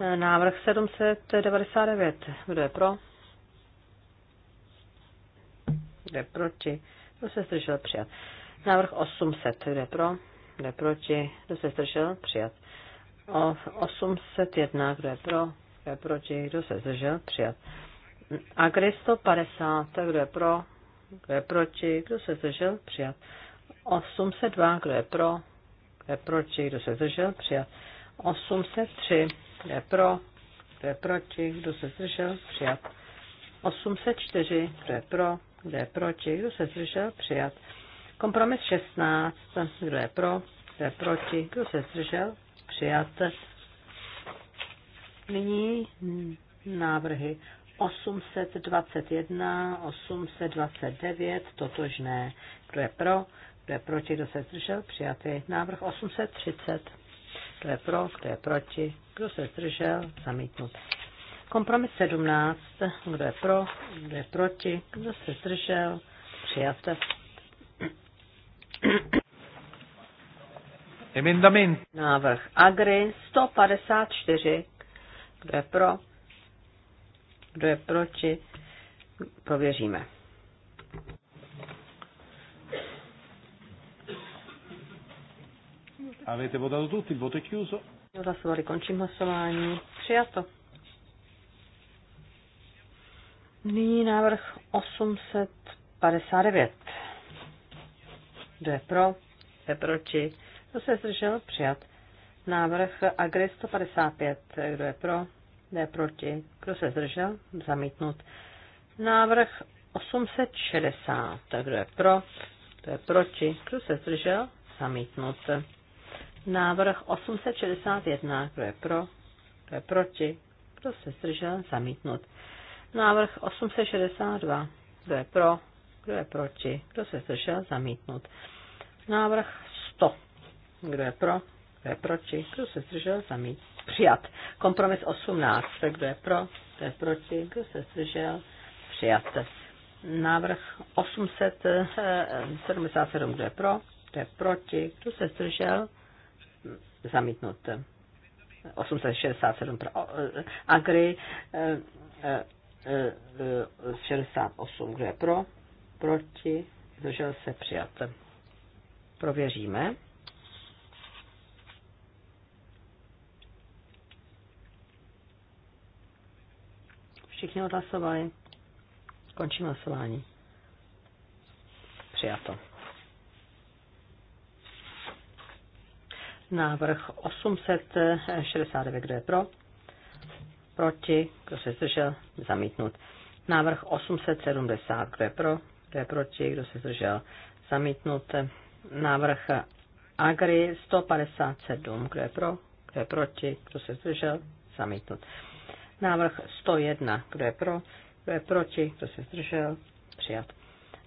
E, návrh 799. Kdo je pro? Kdo je proti? Kdo se zdržel? Přijat. Návrh 800. Kdo je pro? Kdo je proti? Kdo se zdržel? Přijat. O 801. Kdo je pro? Kdo je proti? Kdo se zdržel? Přijat. Agri 150. Kdo je pro? Kdo je proti? Kdo se zdržel? Přijat. 802. Kdo je pro? Kdo je proti? Kdo se zdržel? Přijat. 803. Kdo je pro? Kdo je proti? Kdo se zdržel? Přijat. 804. Kdo je pro? kdo je proti, kdo se zdržel, přijat. Kompromis 16, kdo je pro, kdo je proti, kdo se zdržel, přijat. Nyní návrhy 821, 829, totožné. Kdo je pro, kdo je proti, kdo se zdržel, přijatý. Návrh 830, kdo je pro, kdo je proti, kdo se zdržel, zamítnut. Kompromis 17. Kdo je pro? Kdo je proti? Kdo se zdržel? Přijate. Emendament. Návrh Agri 154. Kdo je pro? Kdo je proti? Prověříme. Avete votato tutti, il voto è chiuso. Hlasovali, končím hlasování. Přijato. Nyní návrh 859. Kdo je pro? Kdo je proti? Kdo se zdržel? Přijat. Návrh Agri 155. Kdo je pro? Kdo je proti? Kdo se zdržel? Zamítnut. Návrh 860. Kdo je pro? Kdo je proti? Kdo se zdržel? Zamítnut. Návrh 861. Kdo je pro? Kdo je proti? Kdo se zdržel? Zamítnut. Návrh 862. Kdo je pro? Kdo je proti? Kdo se zdržel? Zamítnut. Návrh 100. Kdo je pro? Kdo je proti? Kdo se zdržel? Zamít. Přijat. Kompromis 18. Kdo je pro? Kdo je proti? Kdo se zdržel? Přijat. Návrh 877. Kdo je pro? Kdo je proti? Kdo se zdržel? Zamítnut. 867 pro eh, Agri eh, eh, 68, kdo je pro, proti, zdržel se přijat. Prověříme. Všichni odhlasovali. Končím hlasování. Přijato. Návrh 869, kdo je pro? proti, kdo se zdržel, zamítnut. Návrh 870, kdo je pro, kdo je proti, kdo se zdržel, zamítnut. Návrh Agri 157, kdo je pro, kdo je proti, kdo se zdržel, zamítnut. Návrh 101, kdo je pro, kdo je proti, kdo se zdržel, přijat.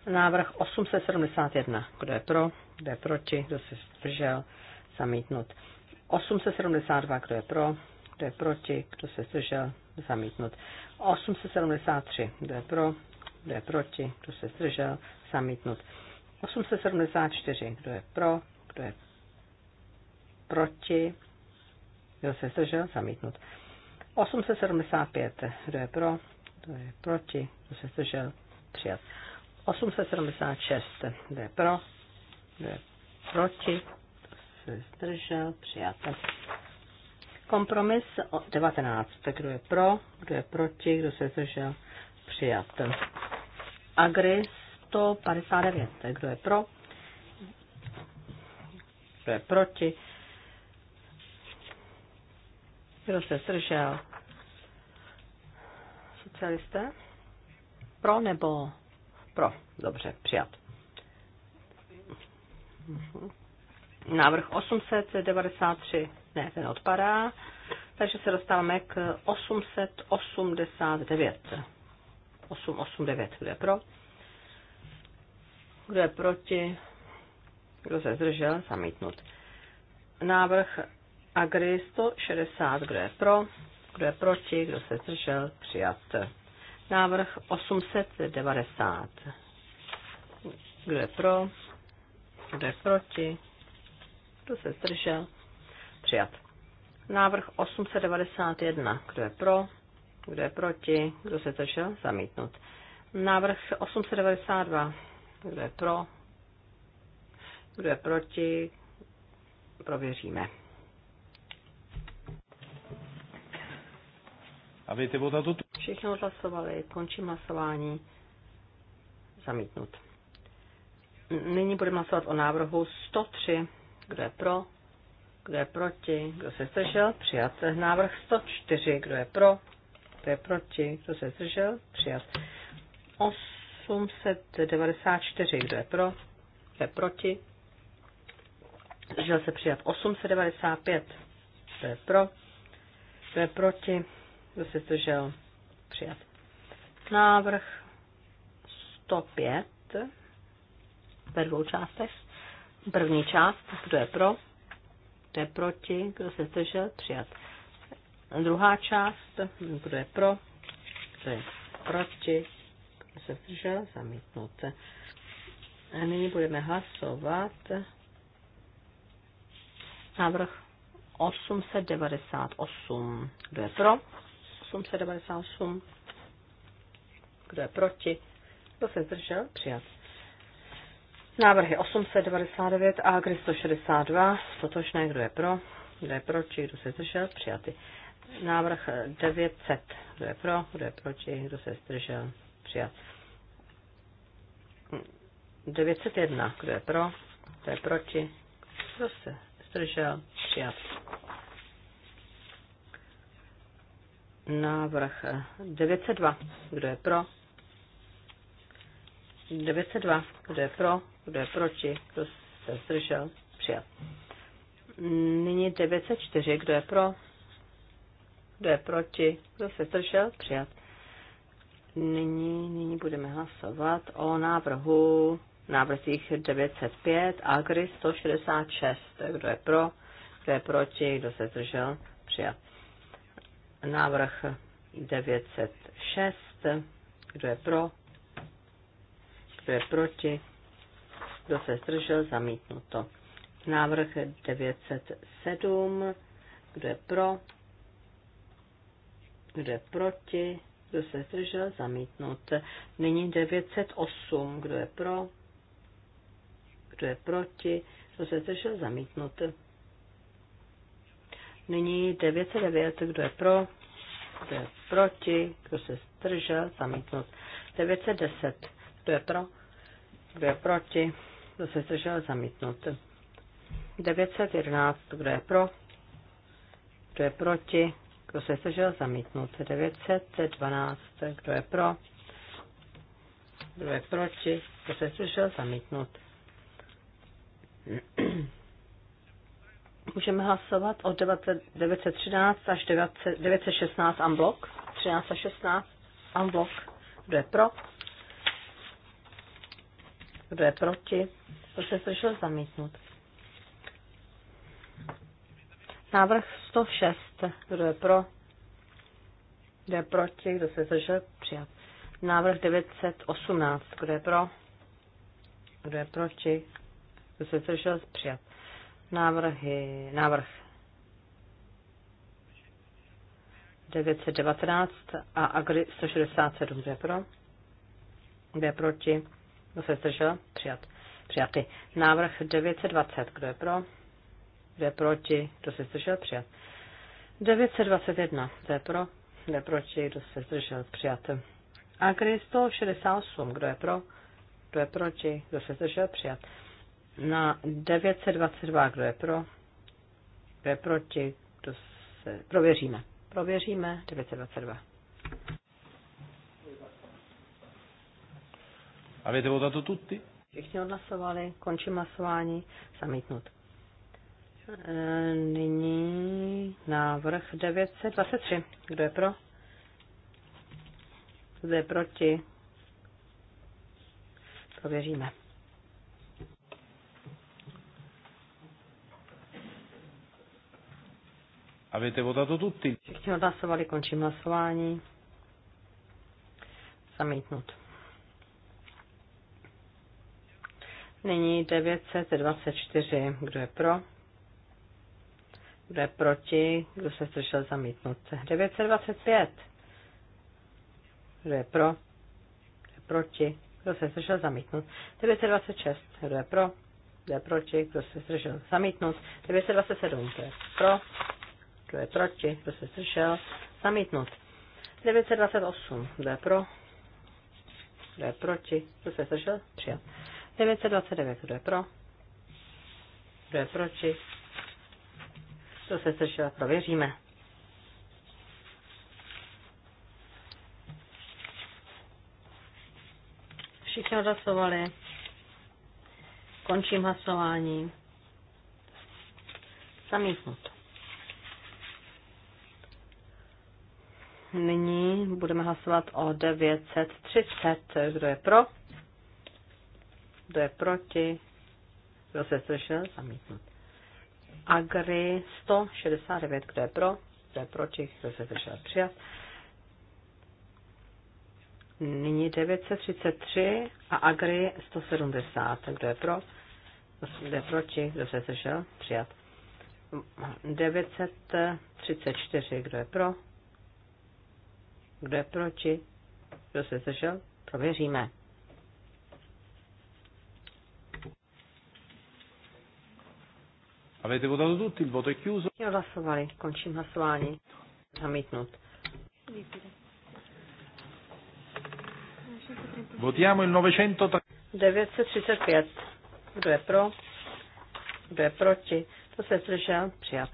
Návrh 871, kdo je pro, kdo je proti, kdo se zdržel, zamítnut. 872, kdo je pro, kdo je proti, kdo se zdržel, zamítnut. 873, kdo je pro, kdo je proti, kdo se zdržel, zamítnut. 874, kdo je pro, kdo je proti, kdo se zdržel, zamítnut. 875, kdo je pro, kdo je proti, kdo se zdržel, přijat. 876, kdo je pro, kdo je proti, kdo se zdržel, přijat. Kompromis 19. Kdo je pro, kdo je proti, kdo se zdržel, přijat. Agri 159. Kdo je pro, kdo je proti, kdo se zdržel. Socialisté? Pro nebo pro? Dobře, přijat. Mhm. Návrh 893. Ne, ten odpadá. Takže se dostáváme k 889. 889. Kdo je pro? Kdo je proti? Kdo se zdržel? Zamítnut. Návrh Agri 160. Kdo je pro? Kdo je proti? Kdo se zdržel? Přijat. Návrh 890. Kdo je pro? Kdo je proti? Kdo se zdržel? Přijat. Návrh 891. Kdo je pro? Kdo je proti? Kdo se držel? Zamítnut. Návrh 892. Kdo je pro? Kdo je proti? Prověříme. Avete votato tu... Všichni odhlasovali, končím hlasování. Zamítnut. Nyní budeme hlasovat o návrhu 103. Kdo je pro? Kdo je proti? Kdo se zdržel? Přijat. Návrh 104. Kdo je pro? Kdo je proti? Kdo se zdržel? Přijat. 894. Kdo je pro? Kdo je proti? Zdržel se přijat. 895. Kdo je pro? Kdo je proti? Kdo se zdržel? Přijat. Návrh 105 ve dvou částech. První část, kdo je pro, kdo je proti, kdo se zdržel, přijat. Druhá část, kdo je pro, kdo je proti, kdo se zdržel, zamítnout. A nyní budeme hlasovat návrh 898. Kdo je pro? 898. Kdo je proti? Kdo se zdržel? Přijat. Návrhy 899 a k 162, totožné, kdo je pro, kdo je proti, kdo se zdržel, přijaty. Návrh 900, kdo je pro, kdo je proti, kdo se zdržel, přijat. 901, kdo je pro, kdo je proti, kdo se zdržel, přijat. Návrh 902, kdo je pro, 902. Kdo je pro? Kdo je proti? Kdo se zdržel? Přijat. Nyní 904. Kdo je pro? Kdo je proti? Kdo se zdržel? Přijat. Nyní, nyní budeme hlasovat o návrhu návrzích 905 a 166. Kdo je pro? Kdo je proti? Kdo se zdržel? Přijat. Návrh 906. Kdo je pro? kdo je proti, kdo se zdržel, zamítnuto. Návrh 907, kdo je pro, kdo je proti, kdo se zdržel, zamítnut. Nyní 908, kdo je pro, kdo je proti, kdo se zdržel, zamítnut. Nyní 909, kdo je pro, kdo je proti, kdo se zdržel, zamítnut. 910, kdo je pro, kdo je proti, kdo se zdržel, zamítnut. 911, kdo je pro, kdo je proti, kdo se zdržel, zamítnut. 912, kdo je pro, kdo je proti, kdo se zdržel, zamítnut. Můžeme hlasovat o 913 až 916 unblock. 13 a 16 unblock. Kdo je pro? Kdo je proti? To se zdržel zamítnout. Návrh 106. Kdo je pro? Kdo je proti? Kdo se zdržel? Přijat. Návrh 918. Kdo je pro? Kdo je proti? Kdo se zdržel? Přijat. Návrhy, návrh 919 a Agri 167. Kdo je pro? Kdo je proti? Kdo se zdržel? Přijat. Přijaty. Návrh 920. Kdo je pro? Kdo je proti? Kdo se zdržel? Přijat. 921. Kdo je pro? Kdo je proti? Kdo se zdržel? Přijat. Agri 168. Kdo je pro? Kdo je proti? Kdo se zdržel? Přijat. Na 922. Kdo je pro? Kdo je proti? Kdo se... Prověříme. Prověříme 922. Avete votato tutti? Všichni odhlasovali, končím hlasování, zamítnut. E, nyní návrh 923. Kdo je pro? Kdo je proti? Prověříme. Avete votato tutti? Všichni odhlasovali, končím hlasování. Zamítnut. Nyní 924. Kdo je pro? Kdo je proti? Kdo se zdržel zamítnout? 925. Kdo je pro? Kdo je proti? Kdo se zdržel zamítnout? 926. Kdo je pro? Kdo je proti? Kdo se zdržel zamítnout? 927. Kdo je pro? Kdo je proti? Kdo se zdržel zamítnout? 928. Kdo je pro? Kdo je proti? Kdo se zdržel? Přijat. 929, kdo je pro? Kdo je proti? To se sešla, prověříme. Všichni odhlasovali. Končím hlasování. Zamítnut. Nyní budeme hlasovat o 930. Kdo je pro? kdo je proti, kdo se zdržel, zamítnout. Agri 169, kdo je pro, kdo je proti, kdo se zdržel, přijat. Nyní 933 a Agri 170, kdo je pro, kdo je proti, kdo se zdržel, přijat. 934, kdo je pro, kdo je proti, kdo se zdržel, prověříme. Avete votato tutti, il voto è chiuso. Io la hlasovali, končím hlasování. Zamítnut. Votiamo il 900... 935. Kdo je pro? Kdo je proti? To se zdržel? Přijat.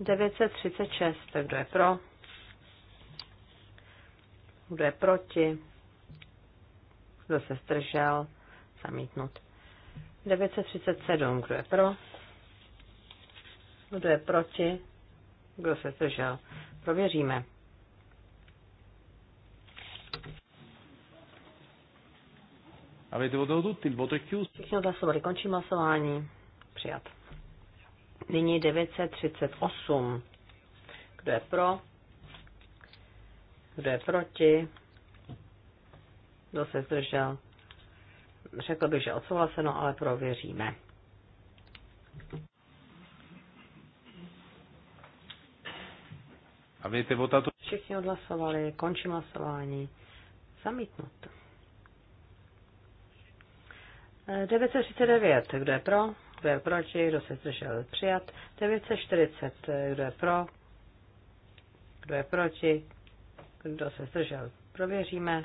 936. Tak Kdo je pro? Kdo je proti? Kdo se zdržel? Zamítnut. 937. Kdo je pro? Kdo je proti? Kdo se zdržel? Prověříme. Avete votato tutti, il voto Všichni hlasovali, končím hlasování. Přijat. Nyní 938. Kdo je pro? Kdo je proti? Kdo se zdržel? Řekl bych, že odsouhlaseno, ale prověříme. Avete votato? Všichni odhlasovali, končím hlasování. Zamítnout. 939, eh, kdo je pro? Kdo je proti? Kdo se zdržel? Přijat. 940, eh, kdo je pro? Kdo je proti? Kdo se zdržel? Prověříme.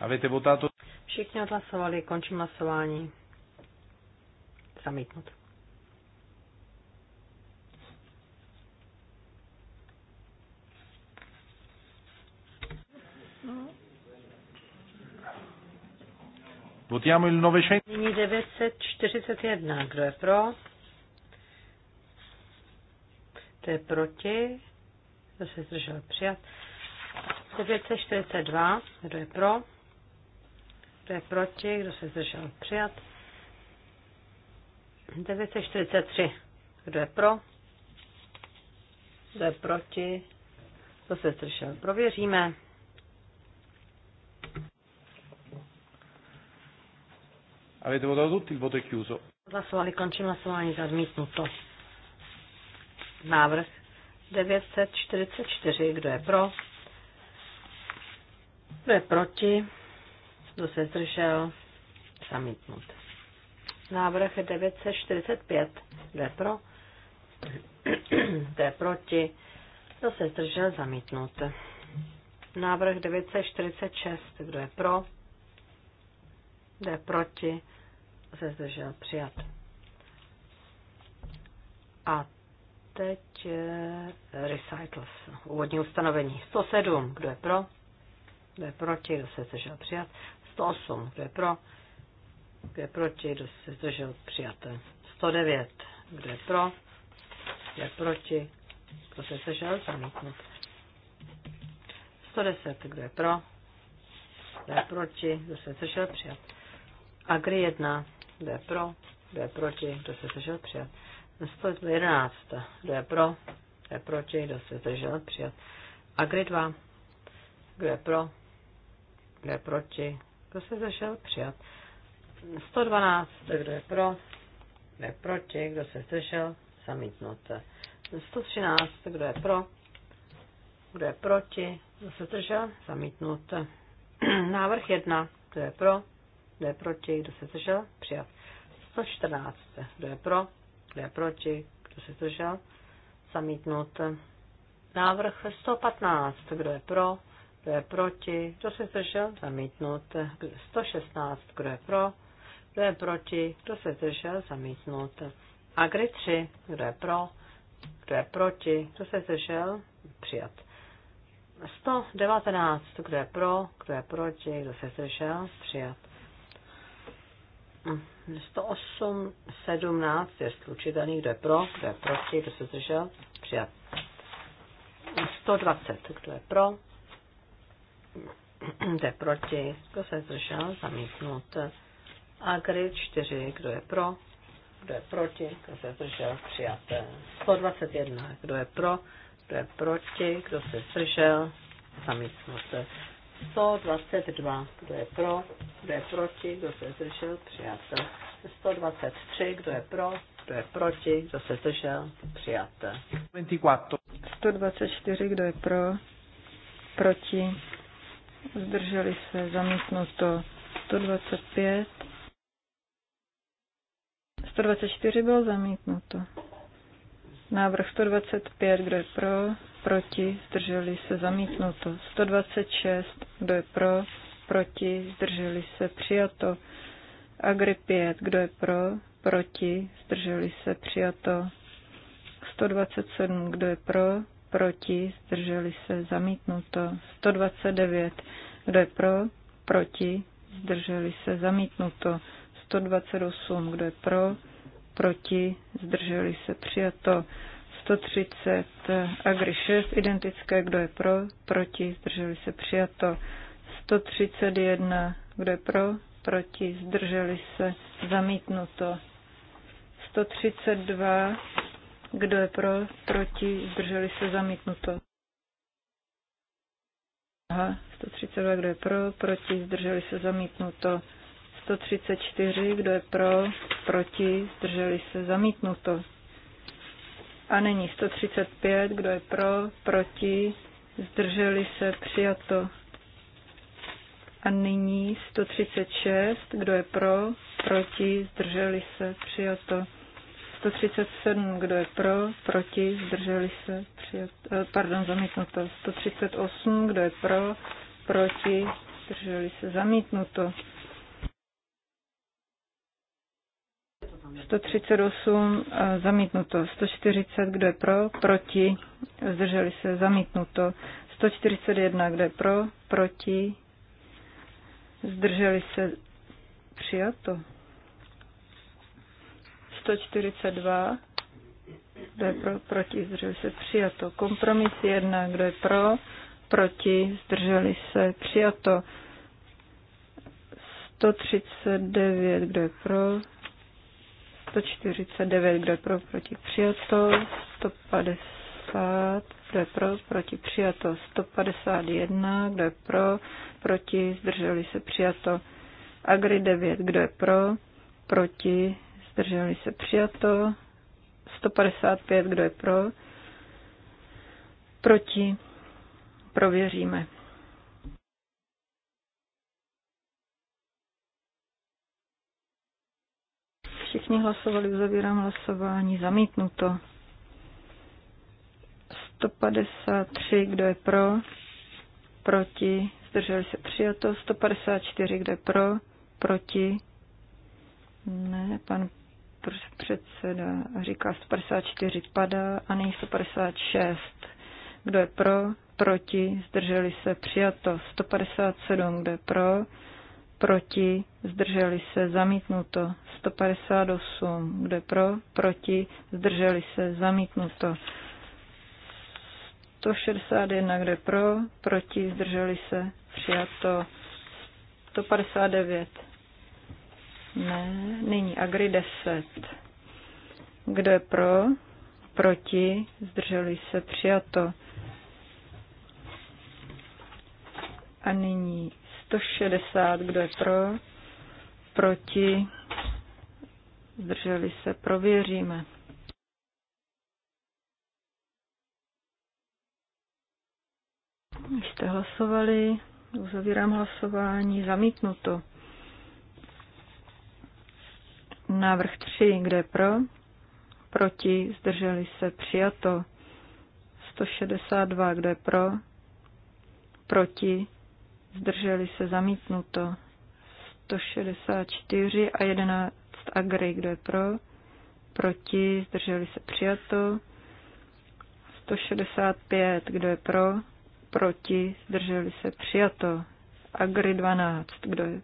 Avete votato? Všichni odhlasovali, končím hlasování. Zamítnout. Votiamo il 900. Nyní 941. Kdo je pro? To je proti. To se zdržel přijat? 942. Kdo je pro? Kdo je proti? Kdo se zdržel přijat? 943. Kdo je pro? Kdo je proti? Kdo se zdržel? Prověříme. Avete votato tutti, il voto è chiuso. Hlasovali, končím hlasování, zamítnuto. Návrh 944, kdo je pro? Kdo je proti? Kdo se zdržel? Zamítnut. Návrh 945, kdo je pro? Kdo je proti? Kdo se zdržel? Zamítnut. Návrh 946, kdo je pro? Kdo proti? Se zdržel přijat. A teď recitals, úvodní ustanovení. 107, kdo je pro? Kdo je proti? Kdo se zdržel přijat? 108, kdo je pro? Kdo je proti? Kdo se zdržel přijat? 109, kdo je pro? Kdo je proti? Kdo se zdržel zamítnut? 110, kdo je pro? Kdo je proti? Kdo se zdržel přijat? Agri 1, kdo je pro, kdo je proti, kdo se zdržel přijat. 111, kdo je pro, kdo je proti, kdo se zdržel přijat. Agri 2, kdo je pro, kdo je proti, kdo se zdržel přijat. 112, kdo je pro, kdo je proti, kdo se zdržel, zamítnut. 113, kdo je pro, kdo je proti, kdo se zdržel, zamítnut. Návrh 1, kdo je pro, kdo je proti, kdo se zdržel, přijat. 114, kdo je pro, kdo je proti, kdo se zdržel, zamítnut. Návrh 115, kdo je pro, kdo je proti, kdo se zdržel, zamítnut. 116, kdo je pro, kdo je proti, kdo se zdržel, zamítnut. Agri 3, kdo je pro, kdo je proti, kdo se zdržel, přijat. 119, kdo je pro, kdo je proti, kdo se zdržel, přijat. 108, 17 je slučitelný, kdo je pro, kdo je proti, kdo se zdržel, přijat. 120, kdo je pro, kdo je proti, kdo se zdržel, zamítnut. Agri 4, kdo je pro, kdo je proti, kdo se zdržel, přijat. 121, kdo je pro, kdo je proti, kdo se zdržel, zamítnut. 122, kdo je pro, kdo je proti, kdo se zdržel, přijaté. 123, kdo je pro, kdo je proti, kdo se zdržel, přijaté. 124, kdo je pro, proti, zdrželi se, to. 125, 124 bylo zamítnuto. Návrh 125, kdo je pro, proti, zdrželi se zamítnuto. 126, kdo je pro, proti, zdrželi se přijato. Agri 5, kdo je pro, proti, zdrželi se přijato. 127, kdo je pro, proti, zdrželi se zamítnuto. 129, kdo je pro, proti, zdrželi se zamítnuto. 128, kdo je pro, proti, zdrželi se přijato. 130 Agri 6 identické, kdo je pro, proti, zdrželi se přijato. 131, kdo je pro, proti, zdrželi se zamítnuto. 132, kdo je pro, proti, zdrželi se zamítnuto. Aha, 132, kdo je pro, proti, zdrželi se zamítnuto. 134, kdo je pro, proti, zdrželi se zamítnuto. A není 135, kdo je pro, proti, zdrželi se, přijato. A nyní 136, kdo je pro, proti, zdrželi se, přijato. 137, kdo je pro, proti, zdrželi se, přijato. Eh, pardon, zamítnuto. 138, kdo je pro, proti, zdrželi se, zamítnuto. 138 eh, zamítnuto, 140 kdo je pro, proti, zdrželi se zamítnuto, 141 kdo je pro, proti, zdrželi se přijato. 142 kdo je pro, proti, zdrželi se přijato. Kompromis 1 kdo je pro, proti, zdrželi se přijato. 139 kdo je pro, 149, kdo je pro, proti přijato, 150, kdo je pro, proti přijato, 151, kdo je pro, proti, zdrželi se přijato, Agri 9, kdo je pro, proti, zdrželi se přijato, 155, kdo je pro, proti, prověříme. Všichni hlasovali, uzavírám hlasování, zamítnuto. 153, kdo je pro, proti, zdrželi se přijato, 154, kdo je pro, proti, ne, pan předseda říká 154 padá a nyní 156. Kdo je pro, proti, zdrželi se přijato, 157, kdo je pro, proti, zdrželi se, zamítnuto. 158, kde pro, proti, zdrželi se, zamítnuto. 161, kde pro, proti, zdrželi se, přijato. 159, ne, nyní Agri 10, kde pro, proti, zdrželi se, přijato. A nyní 160, kdo je pro, proti, zdrželi se, prověříme. Když jste hlasovali, uzavírám hlasování, zamítnuto. Návrh 3, kde pro, proti, zdrželi se, přijato. 162, kde pro, proti, zdrželi se zamítnuto 164 a 11 agri, kdo je pro, proti, zdrželi se přijato 165, kdo je pro, proti, zdrželi se přijato agri 12, kdo je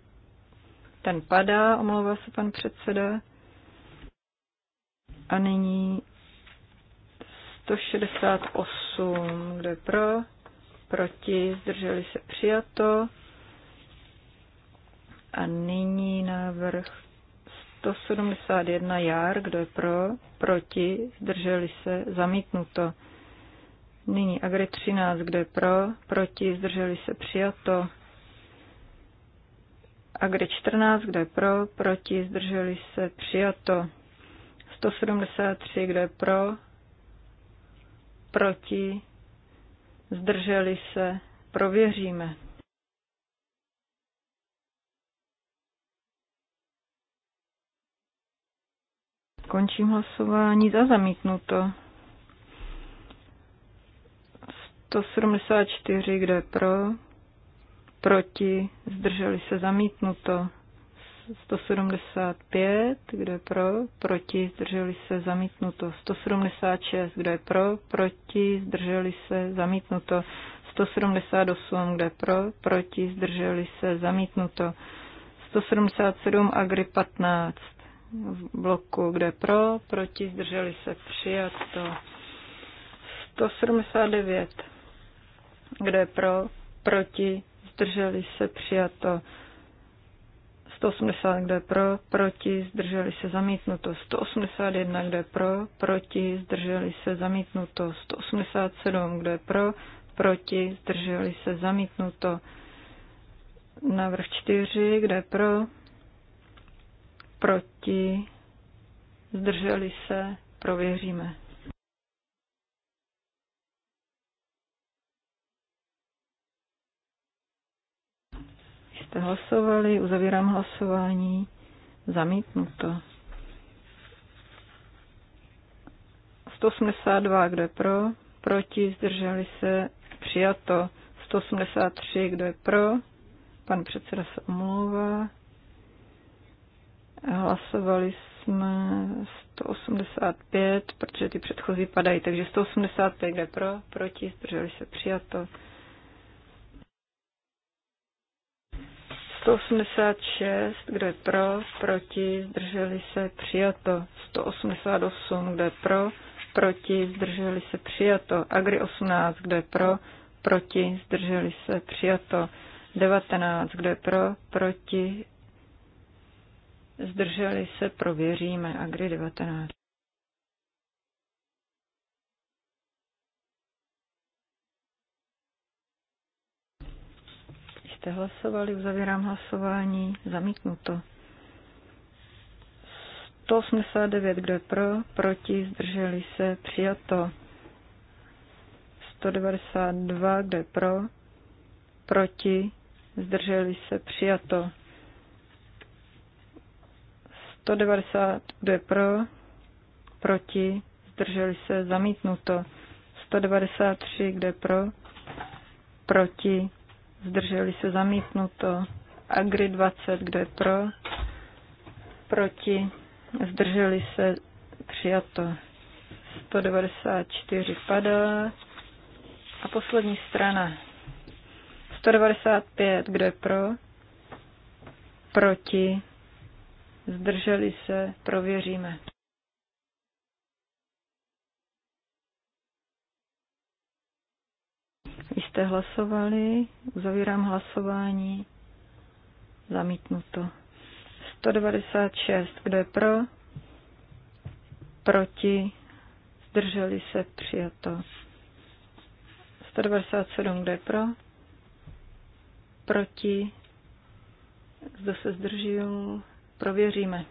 ten padá, omlouvá se pan předseda. A nyní 168, kdo je pro, proti, zdrželi se přijato. A nyní návrh 171 jár, kdo je pro, proti, zdrželi se, zamítnuto. Nyní Agri 13, kdo je pro, proti, zdrželi se, přijato. Agri 14, kdo je pro, proti, zdrželi se, přijato. 173, kdo je pro, proti, zdrželi se, prověříme. Končím hlasování za zamítnuto. 174, kde pro, proti, zdrželi se zamítnuto. 175, kdo je pro, proti, zdrželi se, zamítnuto. 176, kdo je pro, proti, zdrželi se, zamítnuto. 178, kdo je pro, proti, zdrželi se, zamítnuto. 177 Agri 15 v bloku, kde pro, proti, zdrželi se, přijato. 179, kde pro, proti, zdrželi se, přijato. 180, kdo je pro, proti, zdrželi se zamítnuto. 181, kdo je pro, proti, zdrželi se zamítnuto. 187, kdo je pro, proti, zdrželi se zamítnuto. Návrh 4, kdo je pro, proti, zdrželi se, prověříme. jste hlasovali, uzavírám hlasování, zamítnuto. 182, kdo je pro, proti, zdrželi se, přijato. 183, kdo je pro, pan předseda se omlouvá. Hlasovali jsme 185, protože ty předchozí padají, takže 185, kdo je pro, proti, zdrželi se, přijato. 186, kdo je pro, proti, zdrželi se, přijato. 188, kdo je pro, proti, zdrželi se, přijato. Agri 18, kdo je pro, proti, zdrželi se, přijato. 19, kdo je pro, proti, zdrželi se, prověříme. Agri 19. jste hlasovali, uzavírám hlasování, zamítnuto. 189, kdo je pro, proti, zdrželi se, přijato. 192, kdo je pro, proti, zdrželi se, přijato. 190, kdo je pro, proti, zdrželi se, zamítnuto. 193, kde pro, proti, zdrželi se zamítnuto. Agri 20, kdo je pro, proti, zdrželi se přijato. 194 padá. A poslední strana. 195, kdo je pro, proti, zdrželi se, prověříme. jste hlasovali. Uzavírám hlasování. Zamítnuto. 196. Kdo je pro? Proti? Zdrželi se? Přijato. 197. Kdo je pro? Proti? Zda se zdržil? Prověříme.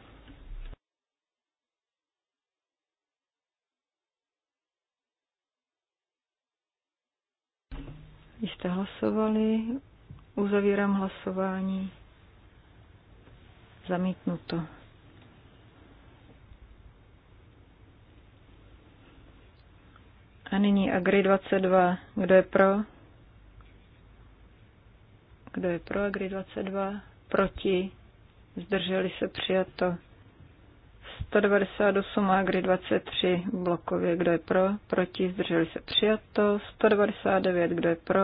Když jste hlasovali, uzavírám hlasování. Zamítnuto. A nyní Agri 22. Kdo je pro? Kdo je pro Agri 22? Proti? Zdrželi se přijato. 198 a Agri 23 blokově, kdo je pro, proti, zdrželi se přijato, 199, kdo je pro,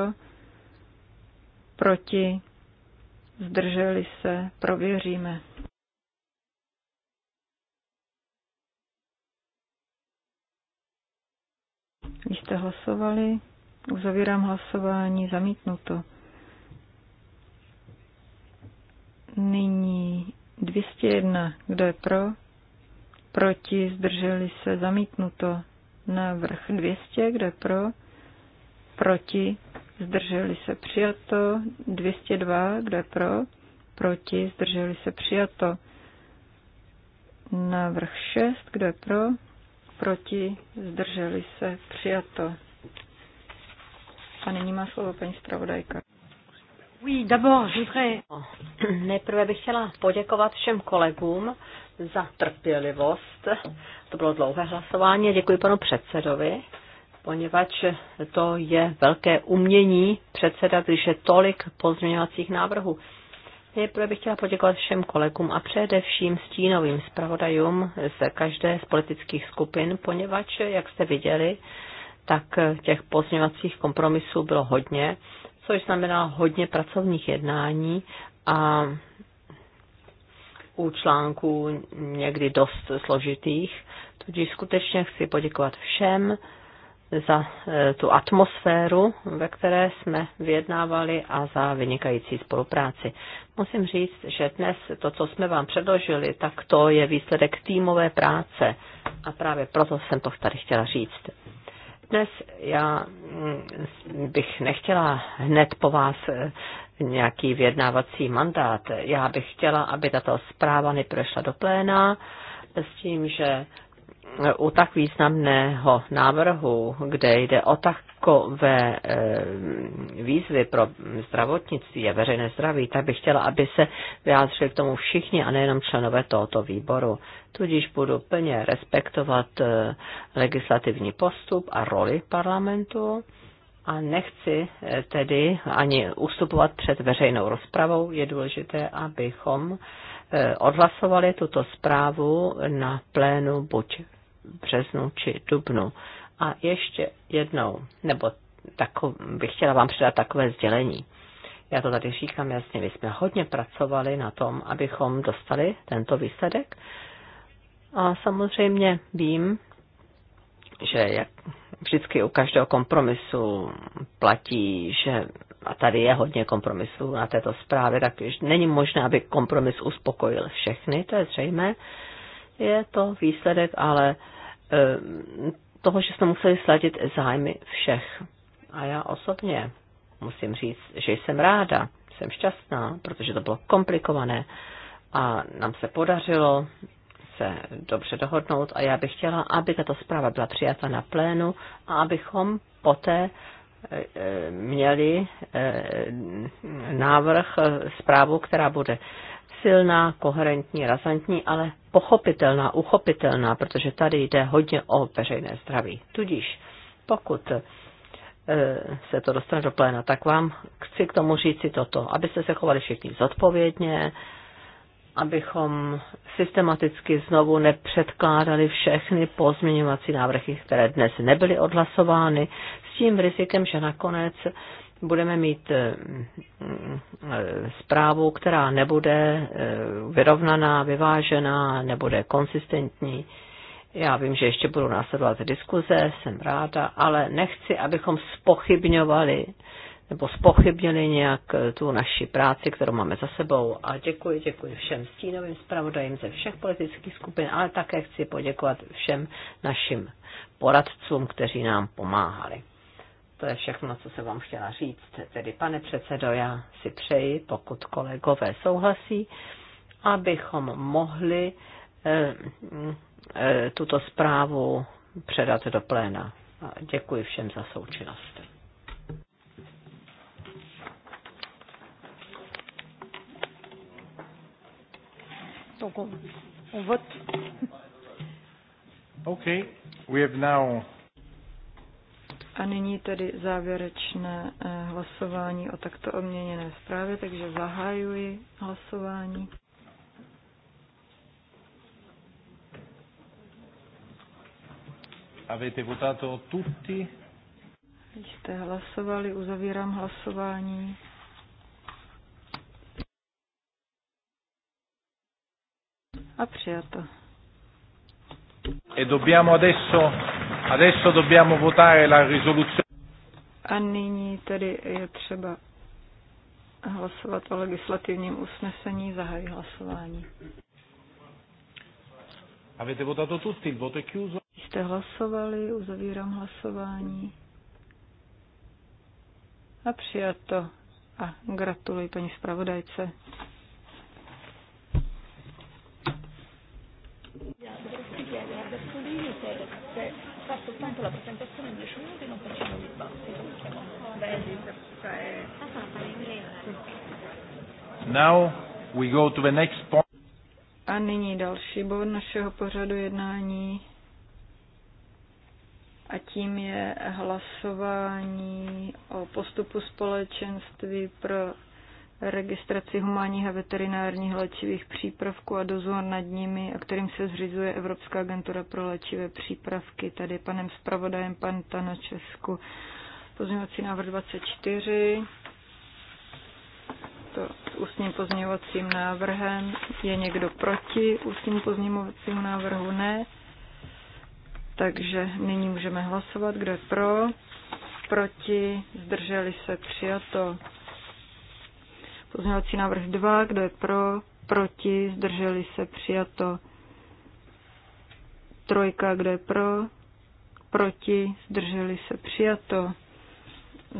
proti, zdrželi se, prověříme. Když jste hlasovali, uzavírám hlasování, zamítnuto. Nyní 201, kdo je pro, proti, zdrželi se, zamítnuto. Návrh 200, kde pro, proti, zdrželi se, přijato. 202, kde pro, proti, zdrželi se, přijato. Návrh 6, kde pro, proti, zdrželi se, přijato. A nyní má slovo paní zpravodajka. No, [CLEARS THROAT] nejprve bych chtěla poděkovat všem kolegům za trpělivost. To bylo dlouhé hlasování. Děkuji panu předsedovi, poněvadž to je velké umění předseda, když je tolik pozměňovacích návrhů. Nejprve bych chtěla poděkovat všem kolegům a především stínovým zpravodajům ze každé z politických skupin, poněvadž, jak jste viděli, tak těch pozměňovacích kompromisů bylo hodně což znamená hodně pracovních jednání a u článků někdy dost složitých. Tudíž skutečně chci poděkovat všem za e, tu atmosféru, ve které jsme vyjednávali a za vynikající spolupráci. Musím říct, že dnes to, co jsme vám předložili, tak to je výsledek týmové práce a právě proto jsem to tady chtěla říct. Dnes já mm, bych nechtěla hned po vás eh, nějaký vyjednávací mandát. Já bych chtěla, aby tato zpráva neprošla do pléna s tím, že u tak významného návrhu, kde jde o takové eh, výzvy pro zdravotnictví a veřejné zdraví, tak bych chtěla, aby se vyjádřili k tomu všichni a nejenom členové tohoto výboru. Tudíž budu plně respektovat eh, legislativní postup a roli parlamentu a nechci eh, tedy ani ustupovat před veřejnou rozpravou. Je důležité, abychom odhlasovali tuto zprávu na plénu buď březnu či dubnu. A ještě jednou, nebo takov, bych chtěla vám předat takové sdělení. Já to tady říkám jasně, my jsme hodně pracovali na tom, abychom dostali tento výsledek. A samozřejmě vím, že jak vždycky u každého kompromisu platí, že a tady je hodně kompromisů na této zprávě, tak není možné, aby kompromis uspokojil všechny, to je zřejmé. Je to výsledek ale Eh, toho, že jsme museli sladit zájmy všech. A já osobně musím říct, že jsem ráda, jsem šťastná, protože to bylo komplikované a nám se podařilo se dobře dohodnout a já bych chtěla, aby tato zpráva byla přijata na plénu a abychom poté eh, eh, měli návrh, zprávu, která bude silná, koherentní, razantní, ale pochopitelná, uchopitelná, protože tady jde hodně o veřejné zdraví. Tudíž pokud eh, se to dostane do pléna, tak vám chci k tomu říci toto, abyste se chovali všichni zodpovědně, abychom systematicky znovu nepředkládali všechny pozměňovací návrhy, které dnes nebyly odhlasovány, s tím rizikem, že nakonec budeme mít eh, zprávu, která nebude eh, vyrovnaná, vyvážená, nebude konsistentní. Já vím, že ještě budou následovat diskuze, jsem ráda, ale nechci, abychom spochybňovali nebo spochybnili nějak eh, tu naši práci, kterou máme za sebou. A děkuji, děkuji všem stínovým zpravodajím ze všech politických skupin, ale také chci poděkovat všem našim poradcům, kteří nám pomáhali to je všechno, co jsem vám chtěla říct. Tedy, pane předsedo, já si přeji, pokud kolegové souhlasí, abychom mohli e, e, tuto zprávu předat do pléna. A děkuji všem za součinnost. Okay, we have now a nyní tedy závěrečné eh, hlasování o takto obměněné zprávě, takže zahajuji hlasování. Avete votato tutti? Jste hlasovali, uzavírám hlasování. A přijato. E dobbiamo adesso Adesso dobbiamo votare la risoluzione. A nyní tedy je třeba hlasovat o legislativním usnesení, zahají hlasování. Avete votato tutti, il voto è chiuso. Jste hlasovali, uzavírám hlasování. A přijato. A gratuluji paní zpravodajce. Yeah, fa soltanto la presentazione in 10 minuti e non facciamo il dibattito. Now we go to the next point. A nyní další bod našeho pořadu jednání. A tím je hlasování o postupu společenství pro registraci humánních a veterinárních léčivých přípravků a dozor nad nimi, a kterým se zřizuje Evropská agentura pro léčivé přípravky. Tady panem zpravodajem pan Tana Česku. Pozměňovací návrh 24. To s ústním pozměňovacím návrhem. Je někdo proti ústním pozměňovacímu návrhu? Ne. Takže nyní můžeme hlasovat, kdo je pro, proti, zdrželi se, přijato. Pozměňovací návrh 2, kdo je pro, proti, zdrželi se, přijato. Trojka, kdo je pro, proti, zdrželi se, přijato.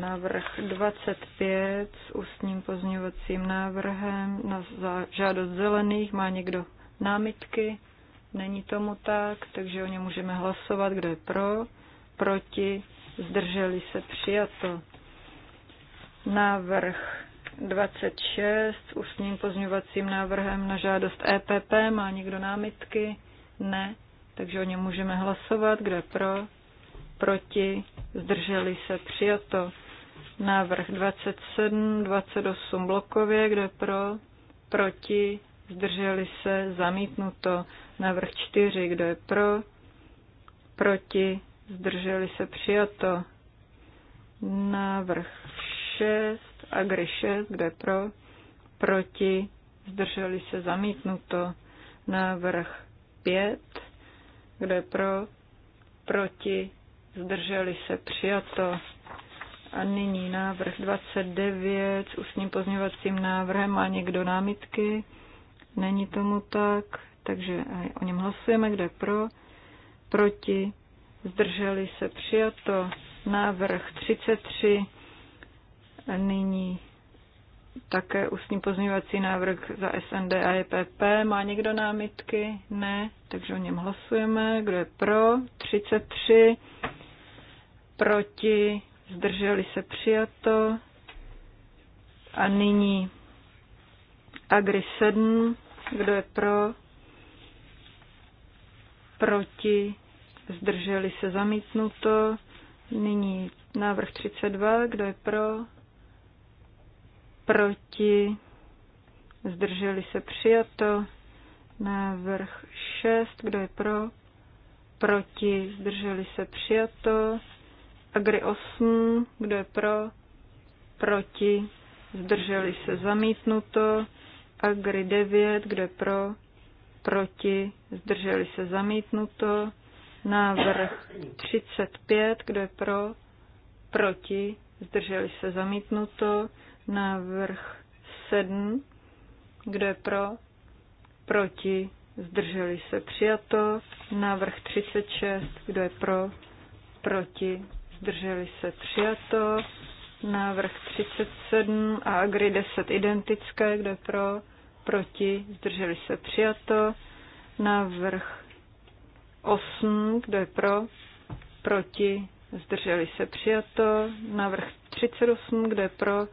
Návrh 25 s ústním pozměňovacím návrhem na žádost zelených. Má někdo námitky? Není tomu tak, takže o ně můžeme hlasovat. Kdo je pro, proti, zdrželi se, přijato. Návrh 26 s ústním pozňovacím návrhem na žádost EPP. Má někdo námitky? Ne. Takže o něm můžeme hlasovat. Kdo je pro? Proti? Zdrželi se? Přijato. Návrh 27, 28 blokově. Kdo je pro? Proti? Zdrželi se? Zamítnuto. Návrh 4. Kdo je pro? Proti? Zdrželi se? Přijato. Návrh 6 Agri kde pro, proti, zdrželi se zamítnuto. Návrh 5, kde pro, proti, zdrželi se přijato. A nyní návrh 29 s ústním pozměvacím návrhem. Má někdo námitky? Není tomu tak, takže o něm hlasujeme, kde pro, proti, zdrželi se přijato. Návrh 33 Nyní také ústní pozměňovací návrh za SND a EPP. Má někdo námitky? Ne, takže o něm hlasujeme. Kdo je pro? 33. Proti? Zdrželi se přijato. A nyní Agri 7. Kdo je pro? Proti? Zdrželi se zamítnuto. Nyní návrh 32. Kdo je pro? proti, zdrželi se přijato, návrh 6, kdo je pro, proti, zdrželi se přijato, agri 8, kdo je pro, proti, zdrželi se zamítnuto, agri 9, kdo je pro, proti, zdrželi se zamítnuto, návrh 35, kdo je pro, proti, zdrželi se zamítnuto, Návrh 7. Kdo je pro? Proti? Zdrželi se přijato. Návrh 36. Kdo je pro? Proti? Zdrželi se přijato. Návrh 37 a Agri 10 identické. Kdo je pro? Proti? Zdrželi se přijato. Návrh 8. Kdo je pro? Proti? Zdrželi se přijato. Návrh 38. Kdo je pro?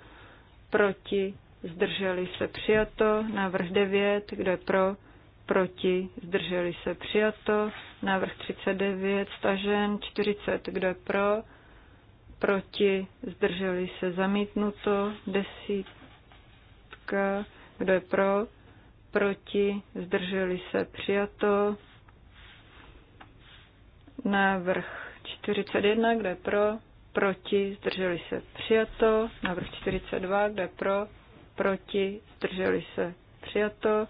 proti, zdrželi se přijato, návrh 9, kdo je pro, proti, zdrželi se přijato, návrh 39, stažen, 40, kdo je pro, proti, zdrželi se zamítnuto, desítka, kdo je pro, proti, zdrželi se přijato, návrh 41, kdo je pro, proti, zdrželi se přijato, návrh 42, kde pro, proti, zdrželi se přijato,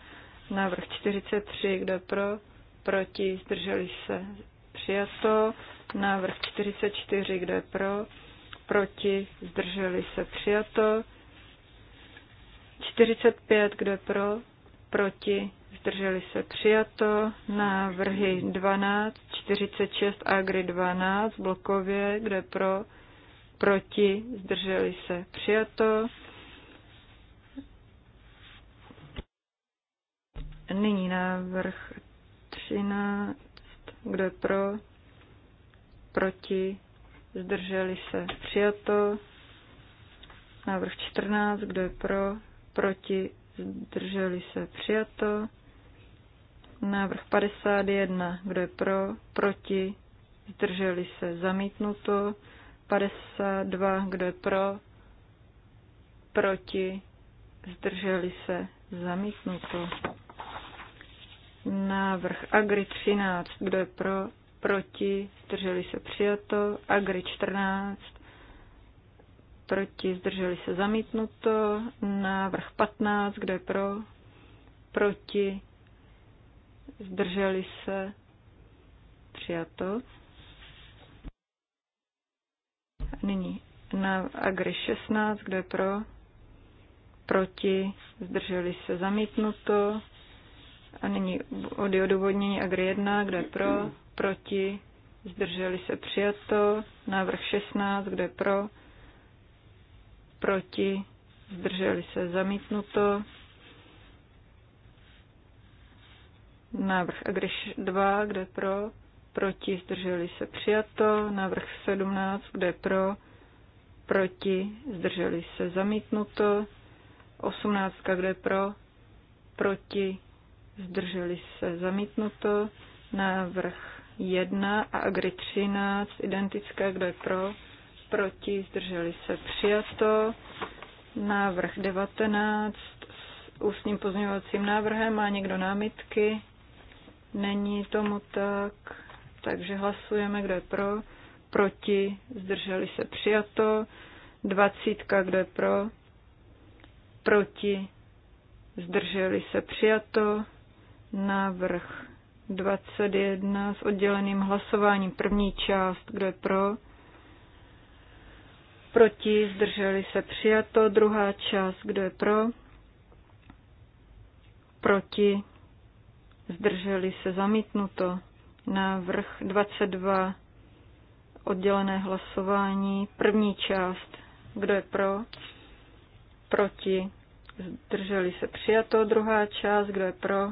návrh 43, kde pro, proti, zdrželi se přijato, návrh 44, kde pro, proti, zdrželi se přijato, 45, kde pro, proti, zdrželi se přijato, návrhy 12, 46 a agri 12 blokově, kde pro, proti, zdrželi se přijato. Nyní návrh 13, kdo je pro, proti, zdrželi se přijato. Návrh 14, kdo je pro, proti, zdrželi se přijato. Návrh 51, kdo je pro, proti, zdrželi se zamítnuto. 52, kdo je pro, proti, zdrželi se zamítnuto. Návrh Agri 13, kdo je pro, proti, zdrželi se přijato. Agri 14, proti, zdrželi se zamítnuto. Návrh 15, kdo je pro, proti, zdrželi se přijato. Nyní na Agri 16, kdo je pro, proti, zdrželi se zamítnuto. A nyní od odůvodnění Agri 1, kdo je pro, proti, zdrželi se přijato. Návrh 16, kdo je pro, proti, zdrželi se zamítnuto. Návrh a 2, kde pro, proti, zdrželi se přijato. Návrh 17, kde pro, proti, zdrželi se zamítnuto. 18, kde pro, proti, zdrželi se zamítnuto. Návrh 1 a Agri 13, identické, kde pro, proti, zdrželi se přijato. Návrh 19 s ústním pozměňovacím návrhem. Má někdo námitky? Není tomu tak. Takže hlasujeme, kdo je pro, proti, zdrželi se přijato. Dvacítka, kdo je pro, proti, zdrželi se přijato. Návrh 21 s odděleným hlasováním. První část, kdo je pro, proti, zdrželi se přijato, druhá část, kdo je pro, proti, zdrželi se zamítnuto, návrh 22, oddělené hlasování, první část, kdo je pro, proti, zdrželi se přijato, druhá část, kdo je pro,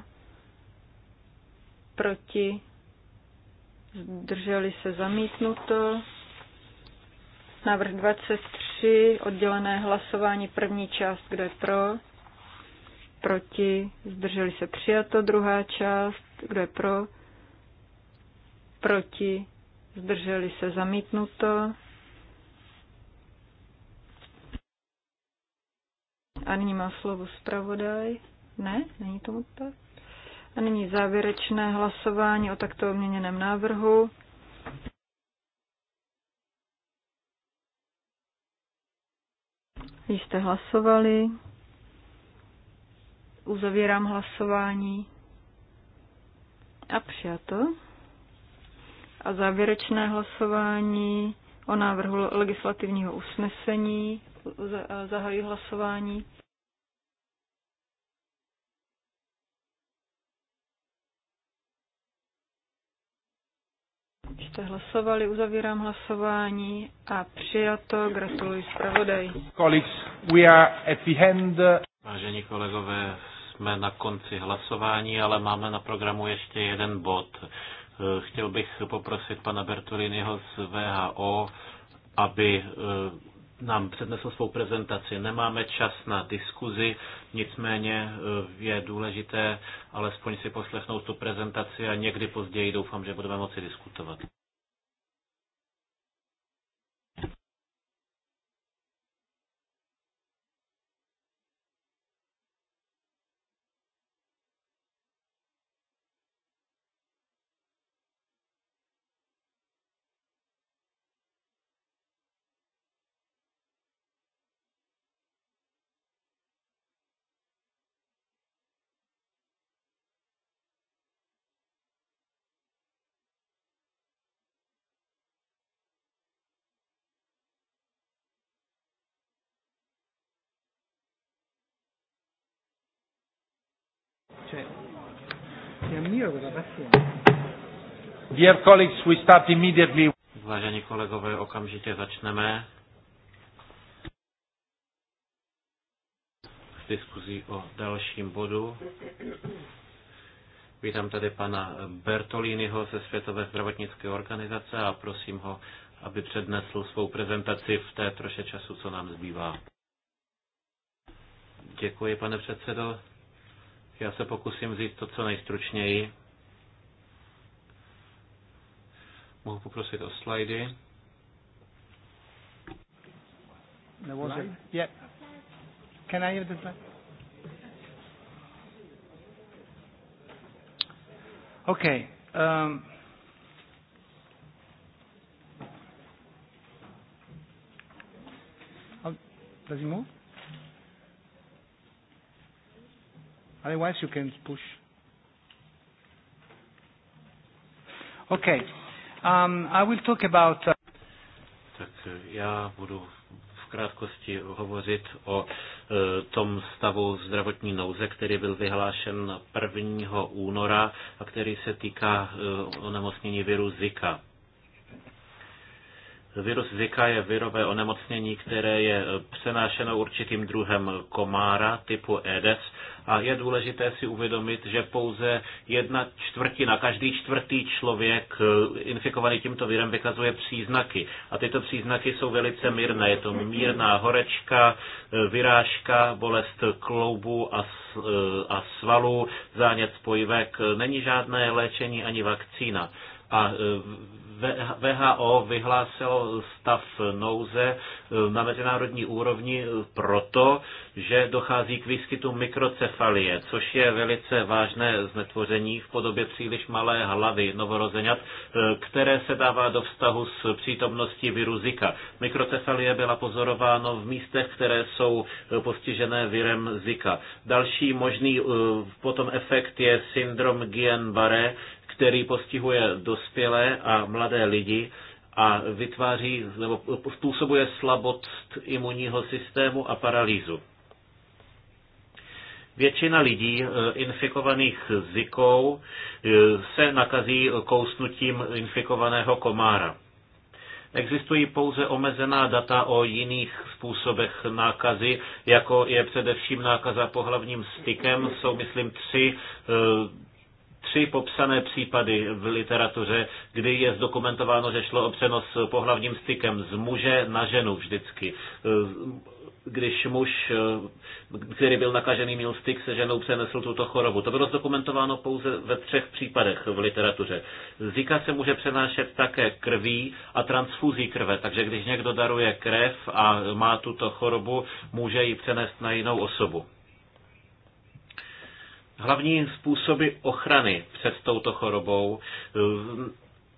proti, zdrželi se zamítnuto, Návrh 23, oddělené hlasování, první část, kdo je pro, proti, zdrželi se přijato, druhá část, kdo je pro, proti, zdrželi se zamítnuto. A nyní má slovo zpravodaj. Ne, není tomu tak. A nyní závěrečné hlasování o takto měněném návrhu. Již jste hlasovali. Uzavírám hlasování. A přijato. A závěrečné hlasování o návrhu legislativního usnesení. Zahajuji hlasování. Jste hlasovali, uzavírám hlasování a přijato. Gratuluji zpravodaj. Vážení kolegové, jsme na konci hlasování, ale máme na programu ještě jeden bod. Eh, chtěl bych poprosit pana Bertoliniho z VHO, aby eh, nám přednesl svou prezentaci. Nemáme čas na diskuzi, nicméně e, je důležité alespoň si poslechnout tu prezentaci a někdy později doufám, že budeme moci diskutovat. Dear colleagues, we start immediately. Vážení kolegové, okamžitě začneme s diskuzí o dalším bodu. Vítám tady pana Bertolínyho ze Světové zdravotnické organizace a prosím ho, aby přednesl svou prezentaci v té troše času, co nám zbývá. Děkuji, pane předsedo. Já se pokusím vzít to, co nejstručněji. Mohu poprosit o slajdy. OK. Okay. Um, um does it move? Otherwise, you can push. Okay. Um, I will talk about. Uh... Tak já budu v krátkosti hovořit o e, tom stavu zdravotní nouze, který byl vyhlášen 1. února a který se týká e, onemocnění viru Zika. Virus Zika je virové onemocnění, které je eh, přenášeno určitým druhem komára typu Aedes a je důležité si uvědomit, že pouze jedna čtvrtina, každý čtvrtý člověk eh, infikovaný tímto virem vykazuje příznaky. A tyto příznaky jsou velice mírné. Je to mírná horečka, eh, vyrážka, bolest kloubu a, a svalů, zánět spojivek. Není žádné léčení ani vakcína. A e, VHO vyhlásilo stav nouze e, na mezinárodní úrovni e, proto, že dochází k výskytu mikrocefalie, což je velice vážné znetvoření v podobě příliš malé hlavy novorozenat, které se dává do vztahu s přítomností viru Zika. Mikrocefalie byla pozorováno v místech, které jsou postižené virem Zika. Další možný potom efekt je syndrom Guillain-Barré, který postihuje dospělé a mladé lidi a vytváří nebo způsobuje slabost imunního systému a paralýzu. Většina lidí e, infikovaných zikou e, se nakazí kousnutím infikovaného komára. Existují pouze omezená data o jiných způsobech nákazy, jako je především nákaza pohlavním stykem. Jsou, myslím, tři e, tři popsané případy v literatuře, kdy je zdokumentováno, že šlo o přenos pohlavním stykem z muže na ženu vždycky eh, když muž, eh, který byl nakažený, měl styk se ženou, přenesl tuto chorobu. To bylo zdokumentováno pouze ve třech případech v literatuře. Zika se může přenášet také krví a transfuzí krve, takže když někdo daruje krev a má tuto chorobu, může ji přenést na jinou osobu. Hlavní způsoby ochrany před touto chorobou eh,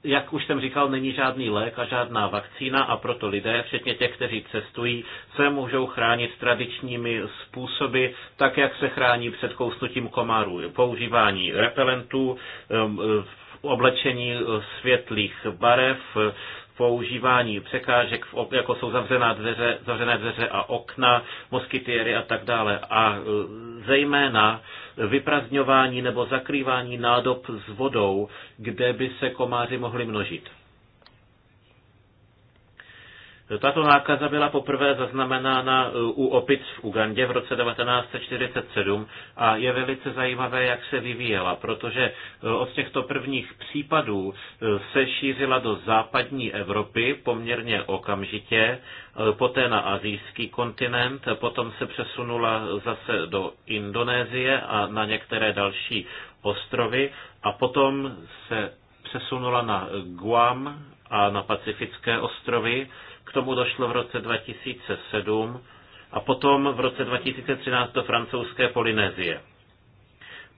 jak už jsem říkal, není žádný lék a žádná vakcína a proto lidé, včetně těch, kteří cestují, se můžou chránit tradičními způsoby, tak jak se chrání před kousnutím komáru: používání repelentů, eh, oblečení eh, světlých barev, používání překážek, jako jsou zavřená dveře, zavřené dveře a okna, moskytiery a tak dále. A e, zejména vyprazňování nebo zakrývání nádob s vodou, kde by se komáři mohli množit. Tato nákaza byla poprvé zaznamenána e, u opic v Ugandě v roce 1947 a je velice zajímavé, jak se vyvíjela, protože e, od těchto prvních případů e, se šířila do západní Evropy poměrně okamžitě, poté na azijský kontinent, potom se přesunula zase do Indonésie a na některé další ostrovy a potom se přesunula na Guam a na pacifické ostrovy tomu došlo v roce 2007 a potom v roce 2013 do francouzské Polynézie.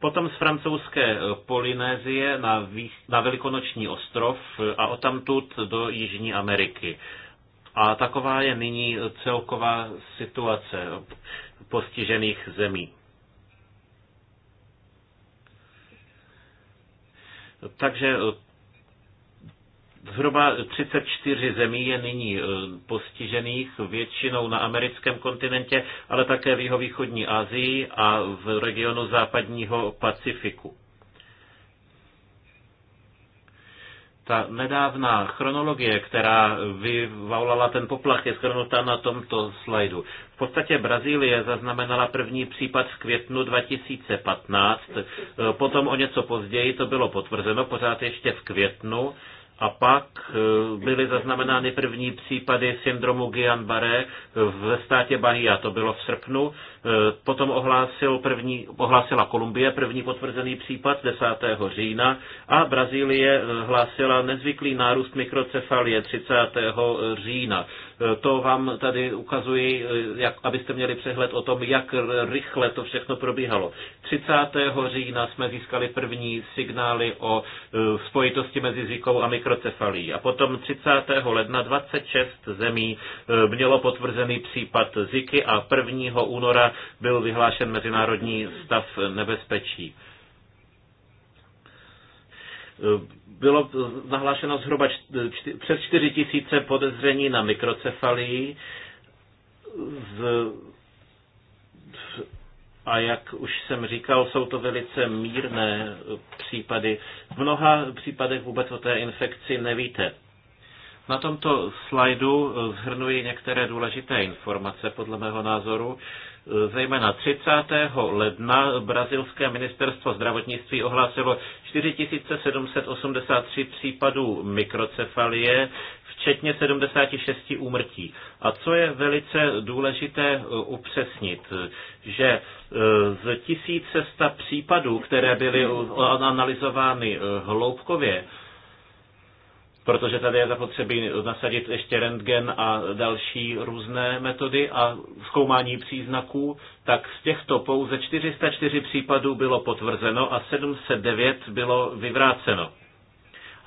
Potom z francouzské e, Polynézie na, na Velikonoční ostrov e, a odtamtud do Jižní Ameriky. A taková je nyní e, celková situace postižených zemí. Takže Zhruba 34 zemí je nyní e, postižených většinou na americkém kontinentě, ale také v jihovýchodní Asii a v regionu západního Pacifiku. ta nedávná chronologie, která vyvolala ten poplach, je shrnuta na tomto slajdu. V podstatě Brazílie zaznamenala první případ v květnu 2015, e, potom o něco později to bylo potvrzeno, pořád ještě v květnu, a pak eh, byly zaznamenány první případy syndromu Guillain-Barré ve státě Bahia, to bylo v srpnu, Eh, potom ohlásil první, ohlásila Kolumbie první potvrzený případ 10. října a Brazílie eh, hlásila nezvyklý nárůst mikrocefalie 30. Eh, října. To vám tady ukazuji, jak, abyste měli přehled o tom, jak rychle to všechno probíhalo. 30. října jsme získali první signály o spojitosti mezi zvykou a mikrocefalí. A potom 30. ledna 26 zemí mělo potvrzený případ Ziky a 1. února byl vyhlášen mezinárodní stav nebezpečí bylo nahlášeno zhruba čty, přes 4 tisíce podezření na mikrocefalii z, a jak už jsem říkal, jsou to velice mírné případy. V mnoha případech vůbec o té infekci nevíte. Na tomto slajdu eh, zhrnuji některé důležité informace podle mého názoru. Eh, zejména 30. ledna brazilské ministerstvo zdravotnictví ohlásilo 4783 případů mikrocefalie, včetně 76 úmrtí. A co je velice důležité eh, upřesnit, že z 1100 případů, které byly analyzovány hloubkově, protože tady je zapotřebí nasadit ještě rentgen a další různé metody a zkoumání příznaků, tak z těchto pouze 404 případů bylo potvrzeno a 709 bylo vyvráceno.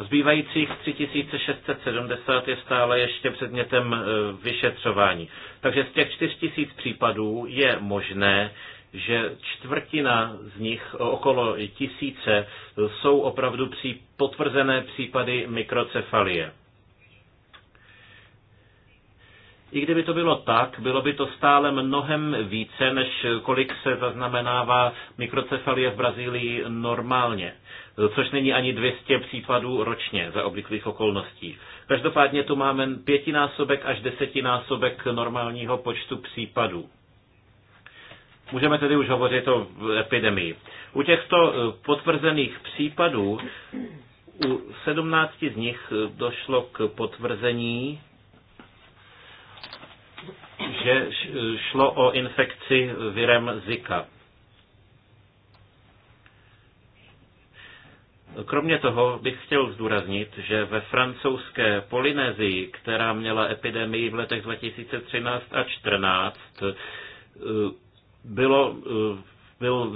Zbývajících 3670 je stále ještě předmětem e, vyšetřování. Takže z těch 4000 případů je možné, že čtvrtina z nich, okolo tisíce, jsou opravdu při potvrzené případy mikrocefalie. I kdyby to bylo tak, bylo by to stále mnohem více, než kolik se zaznamenává mikrocefalie v Brazílii normálně, což není ani 200 případů ročně za obvyklých okolností. Každopádně tu máme pětinásobek až desetinásobek normálního počtu případů. Můžeme tedy už hovořit o epidemii. U těchto eh, potvrzených případů u 17 z nich eh, došlo k potvrzení, že eh, šlo o infekci virem Zika. Kromě toho bych chtěl zdůraznit, že ve francouzské Polynézii, která měla epidemii v letech 2013 a 2014, bylo, eh, bylo,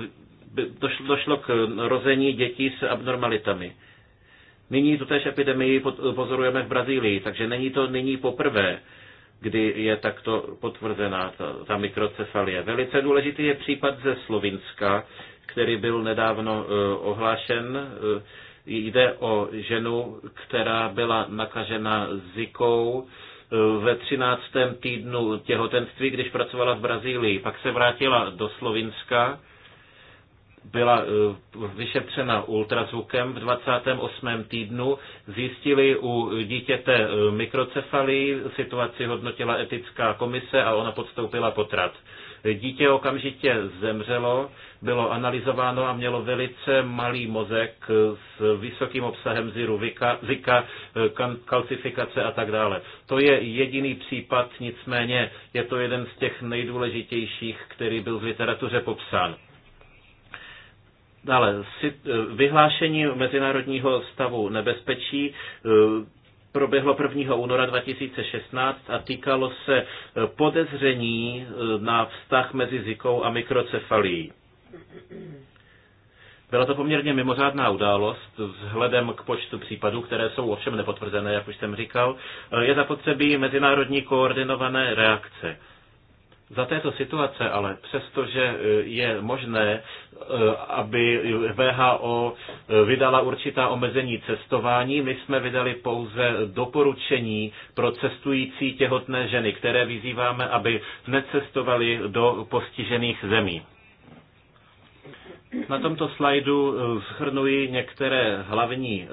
došlo, došlo k rození dětí s abnormalitami. Nyní tutéž epidemii pozorujeme v Brazílii, takže není to nyní poprvé, kdy je takto potvrzená ta, ta mikrocefalie. Velice důležitý je případ ze Slovinska, který byl nedávno uh, ohlášen. Uh, jde o ženu, která byla nakažena zikou Eh, ve 13. týdnu těhotenství, když pracovala v Brazílii. Pak se vrátila do Slovinska, byla eh, vyšetřena ultrazvukem v 28. týdnu, zjistili u dítěte eh, mikrocefalii, situaci hodnotila etická komise a ona podstoupila potrat. Dítě okamžitě zemřelo, bylo analyzováno a mělo velice malý mozek s vysokým obsahem ziru, vika, zika, kalcifikace a tak dále. To je jediný případ, nicméně je to jeden z těch nejdůležitějších, který byl v literatuře popsán. Dále, vyhlášení mezinárodního stavu nebezpečí e, proběhlo 1. února 2016 a týkalo se podezření e, na vztah mezi zikou a mikrocefalií. Byla to poměrně mimořádná událost vzhledem k počtu případů, které jsou ovšem nepotvrzené, jak už jsem říkal. Je zapotřebí mezinárodní koordinované reakce. Za této situace ale, přestože je možné, aby VHO vydala určitá omezení cestování, my jsme vydali pouze doporučení pro cestující těhotné ženy, které vyzýváme, aby necestovali do postižených zemí. Na tomto slajdu eh, shrnuji některé hlavní eh,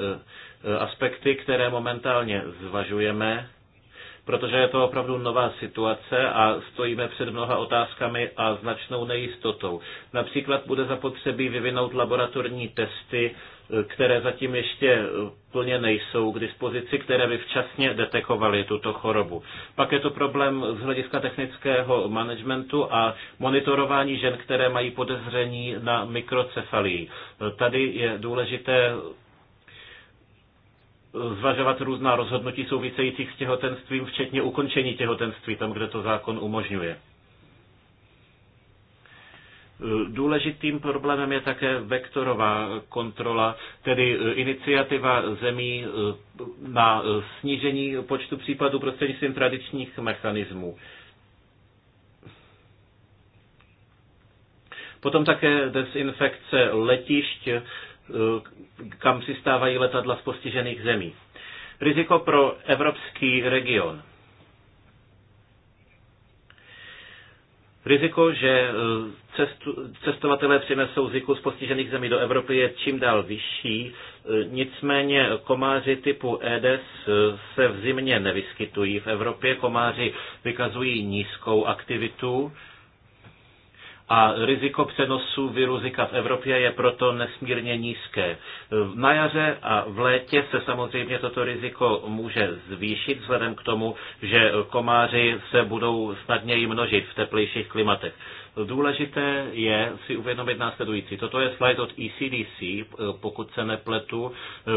eh, aspekty, které momentálně zvažujeme, protože je to opravdu nová situace a stojíme před mnoha otázkami a značnou nejistotou. Například bude zapotřebí vyvinout laboratorní testy které zatím ještě plně nejsou k dispozici, které by včasně detekovaly tuto chorobu. Pak je to problém z hlediska technického managementu a monitorování žen, které mají podezření na mikrocefalii. Tady je důležité zvažovat různá rozhodnutí souvisejících s těhotenstvím, včetně ukončení těhotenství, tam, kde to zákon umožňuje. Důležitým problémem je také vektorová kontrola, tedy e, iniciativa zemí e, na e, snížení počtu případů prostřednictvím tradičních mechanismů. Potom také dezinfekce letišť, kam přistávají letadla z postižených zemí. Riziko pro evropský region. Riziko, že eh, cestu, cestovatelé přinesou ziku z postižených zemí do Evropy je čím dál vyšší, eh, nicméně komáři typu Edes eh, se v zimě nevyskytují v Evropě. Komáři vykazují nízkou aktivitu a riziko přenosu viru Zika v Evropě je proto nesmírně nízké. Na jaře a v létě se samozřejmě toto riziko může zvýšit vzhledem k tomu, že komáři se budou snadněji množit v teplejších klimatech. Důležité je si uvědomit následující. Toto je slide od ECDC, pokud se nepletu.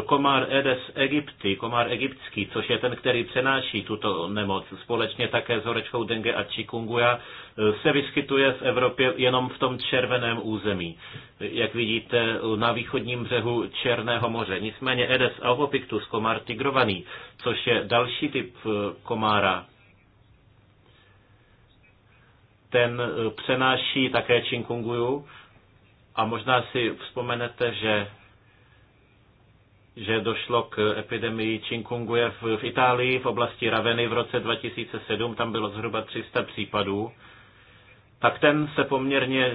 Komár Edes Egypty, komár egyptský, což je ten, který přenáší tuto nemoc, společně také s horečkou dengue a chikungunya, se vyskytuje v Evropě jenom v tom červeném území. Jak vidíte, na východním břehu Černého moře. Nicméně Edes albopictus, komár tigrovaný, což je další typ komára, ten eh, přenáší také Činkunguju a možná si vzpomenete, že že došlo k epidemii Činkunguje v, v Itálii v oblasti Raveny v roce 2007, tam bylo zhruba 300 případů, tak ten se poměrně eh,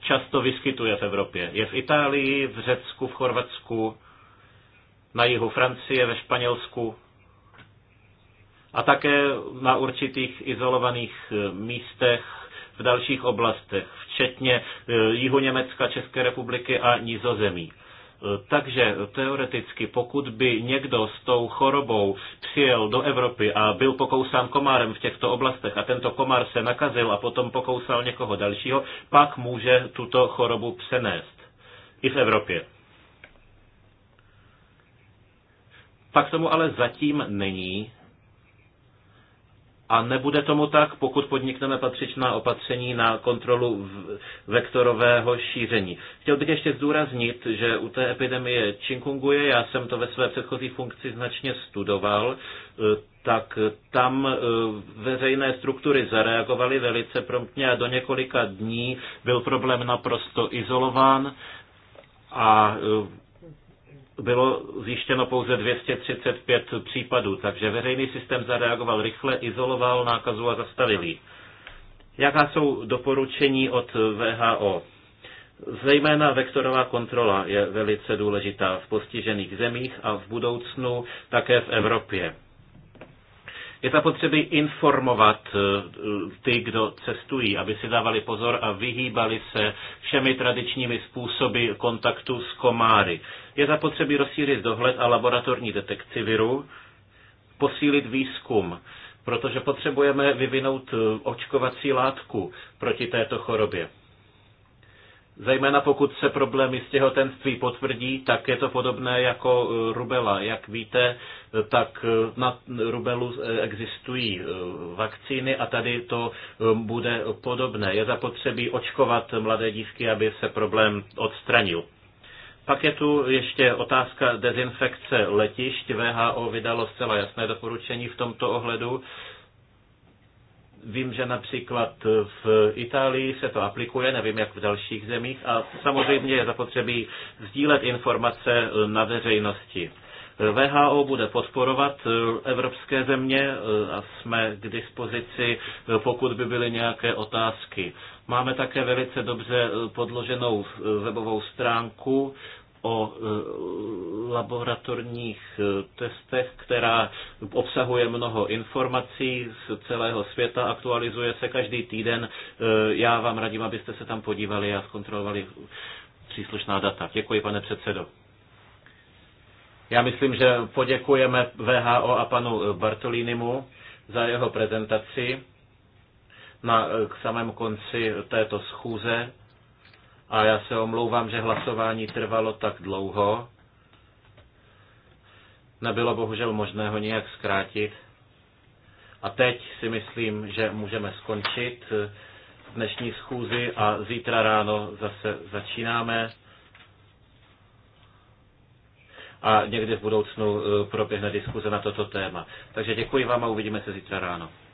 často vyskytuje v Evropě. Je v Itálii, v Řecku, v Chorvatsku, na jihu Francie, ve Španělsku a také na určitých izolovaných eh, místech v dalších oblastech, včetně eh, jihu Německa, České republiky a Nizozemí. Eh, takže teoreticky, pokud by někdo s tou chorobou přijel do Evropy a byl pokousán komárem v těchto oblastech a tento komár se nakazil a potom pokousal někoho dalšího, pak může tuto chorobu přenést. I v Evropě. Tak tomu ale zatím není, a nebude tomu tak, pokud podnikneme patřičná opatření na kontrolu vektorového šíření. Chtěl bych ještě zdůraznit, že u té epidemie činkunguje? já jsem to ve své předchozí funkci značně studoval, e, tak tam e, veřejné struktury zareagovaly velice promptně a do několika dní byl problém naprosto izolován a e, bylo zjištěno pouze 235 případů, takže veřejný systém zareagoval rychle, izoloval nákazu a zastavil ji. Jaká jsou doporučení od VHO? Zejména vektorová kontrola je velice důležitá v postižených zemích a v budoucnu také v Evropě. Je zapotřebí informovat eh, ty, kdo cestují, aby si dávali pozor a vyhýbali se všemi tradičními způsoby kontaktu s komáry. Je zapotřebí rozšířit dohled a laboratorní detekci viru, posílit výzkum, protože potřebujeme vyvinout e, očkovací látku proti této chorobě. Zejména pokud se problémy s těhotenství potvrdí, tak je to podobné jako e, rubela. Jak víte, e, tak na rubelu existují vakcíny a tady to bude podobné. Je zapotřebí očkovat mladé dívky, aby se problém odstranil. Pak je tu ještě otázka dezinfekce letišť. VHO vydalo zcela jasné doporučení v tomto ohledu. Vím, že například v Itálii se to aplikuje, nevím jak v dalších zemích, a samozřejmě je zapotřebí sdílet informace na veřejnosti. VHO bude podporovat evropské země a jsme k dispozici, pokud by byly nějaké otázky. Máme také velice dobře podloženou webovou stránku, o e, laboratorních e, testech, která obsahuje mnoho informací z celého světa, aktualizuje se každý týden. E, já vám radím, abyste se tam podívali a zkontrolovali příslušná data. Děkuji, pane předsedo. Já myslím, že poděkujeme VHO a panu Bartolínimu za jeho prezentaci na k samém konci této schůze. A já se omlouvám, že hlasování trvalo tak dlouho. Nebylo bohužel možné ho nějak zkrátit. A teď si myslím, že můžeme skončit dnešní schůzi a zítra ráno zase začínáme. A někdy v budoucnu eh, proběhne diskuze na toto téma. Takže děkuji vám a uvidíme se zítra ráno.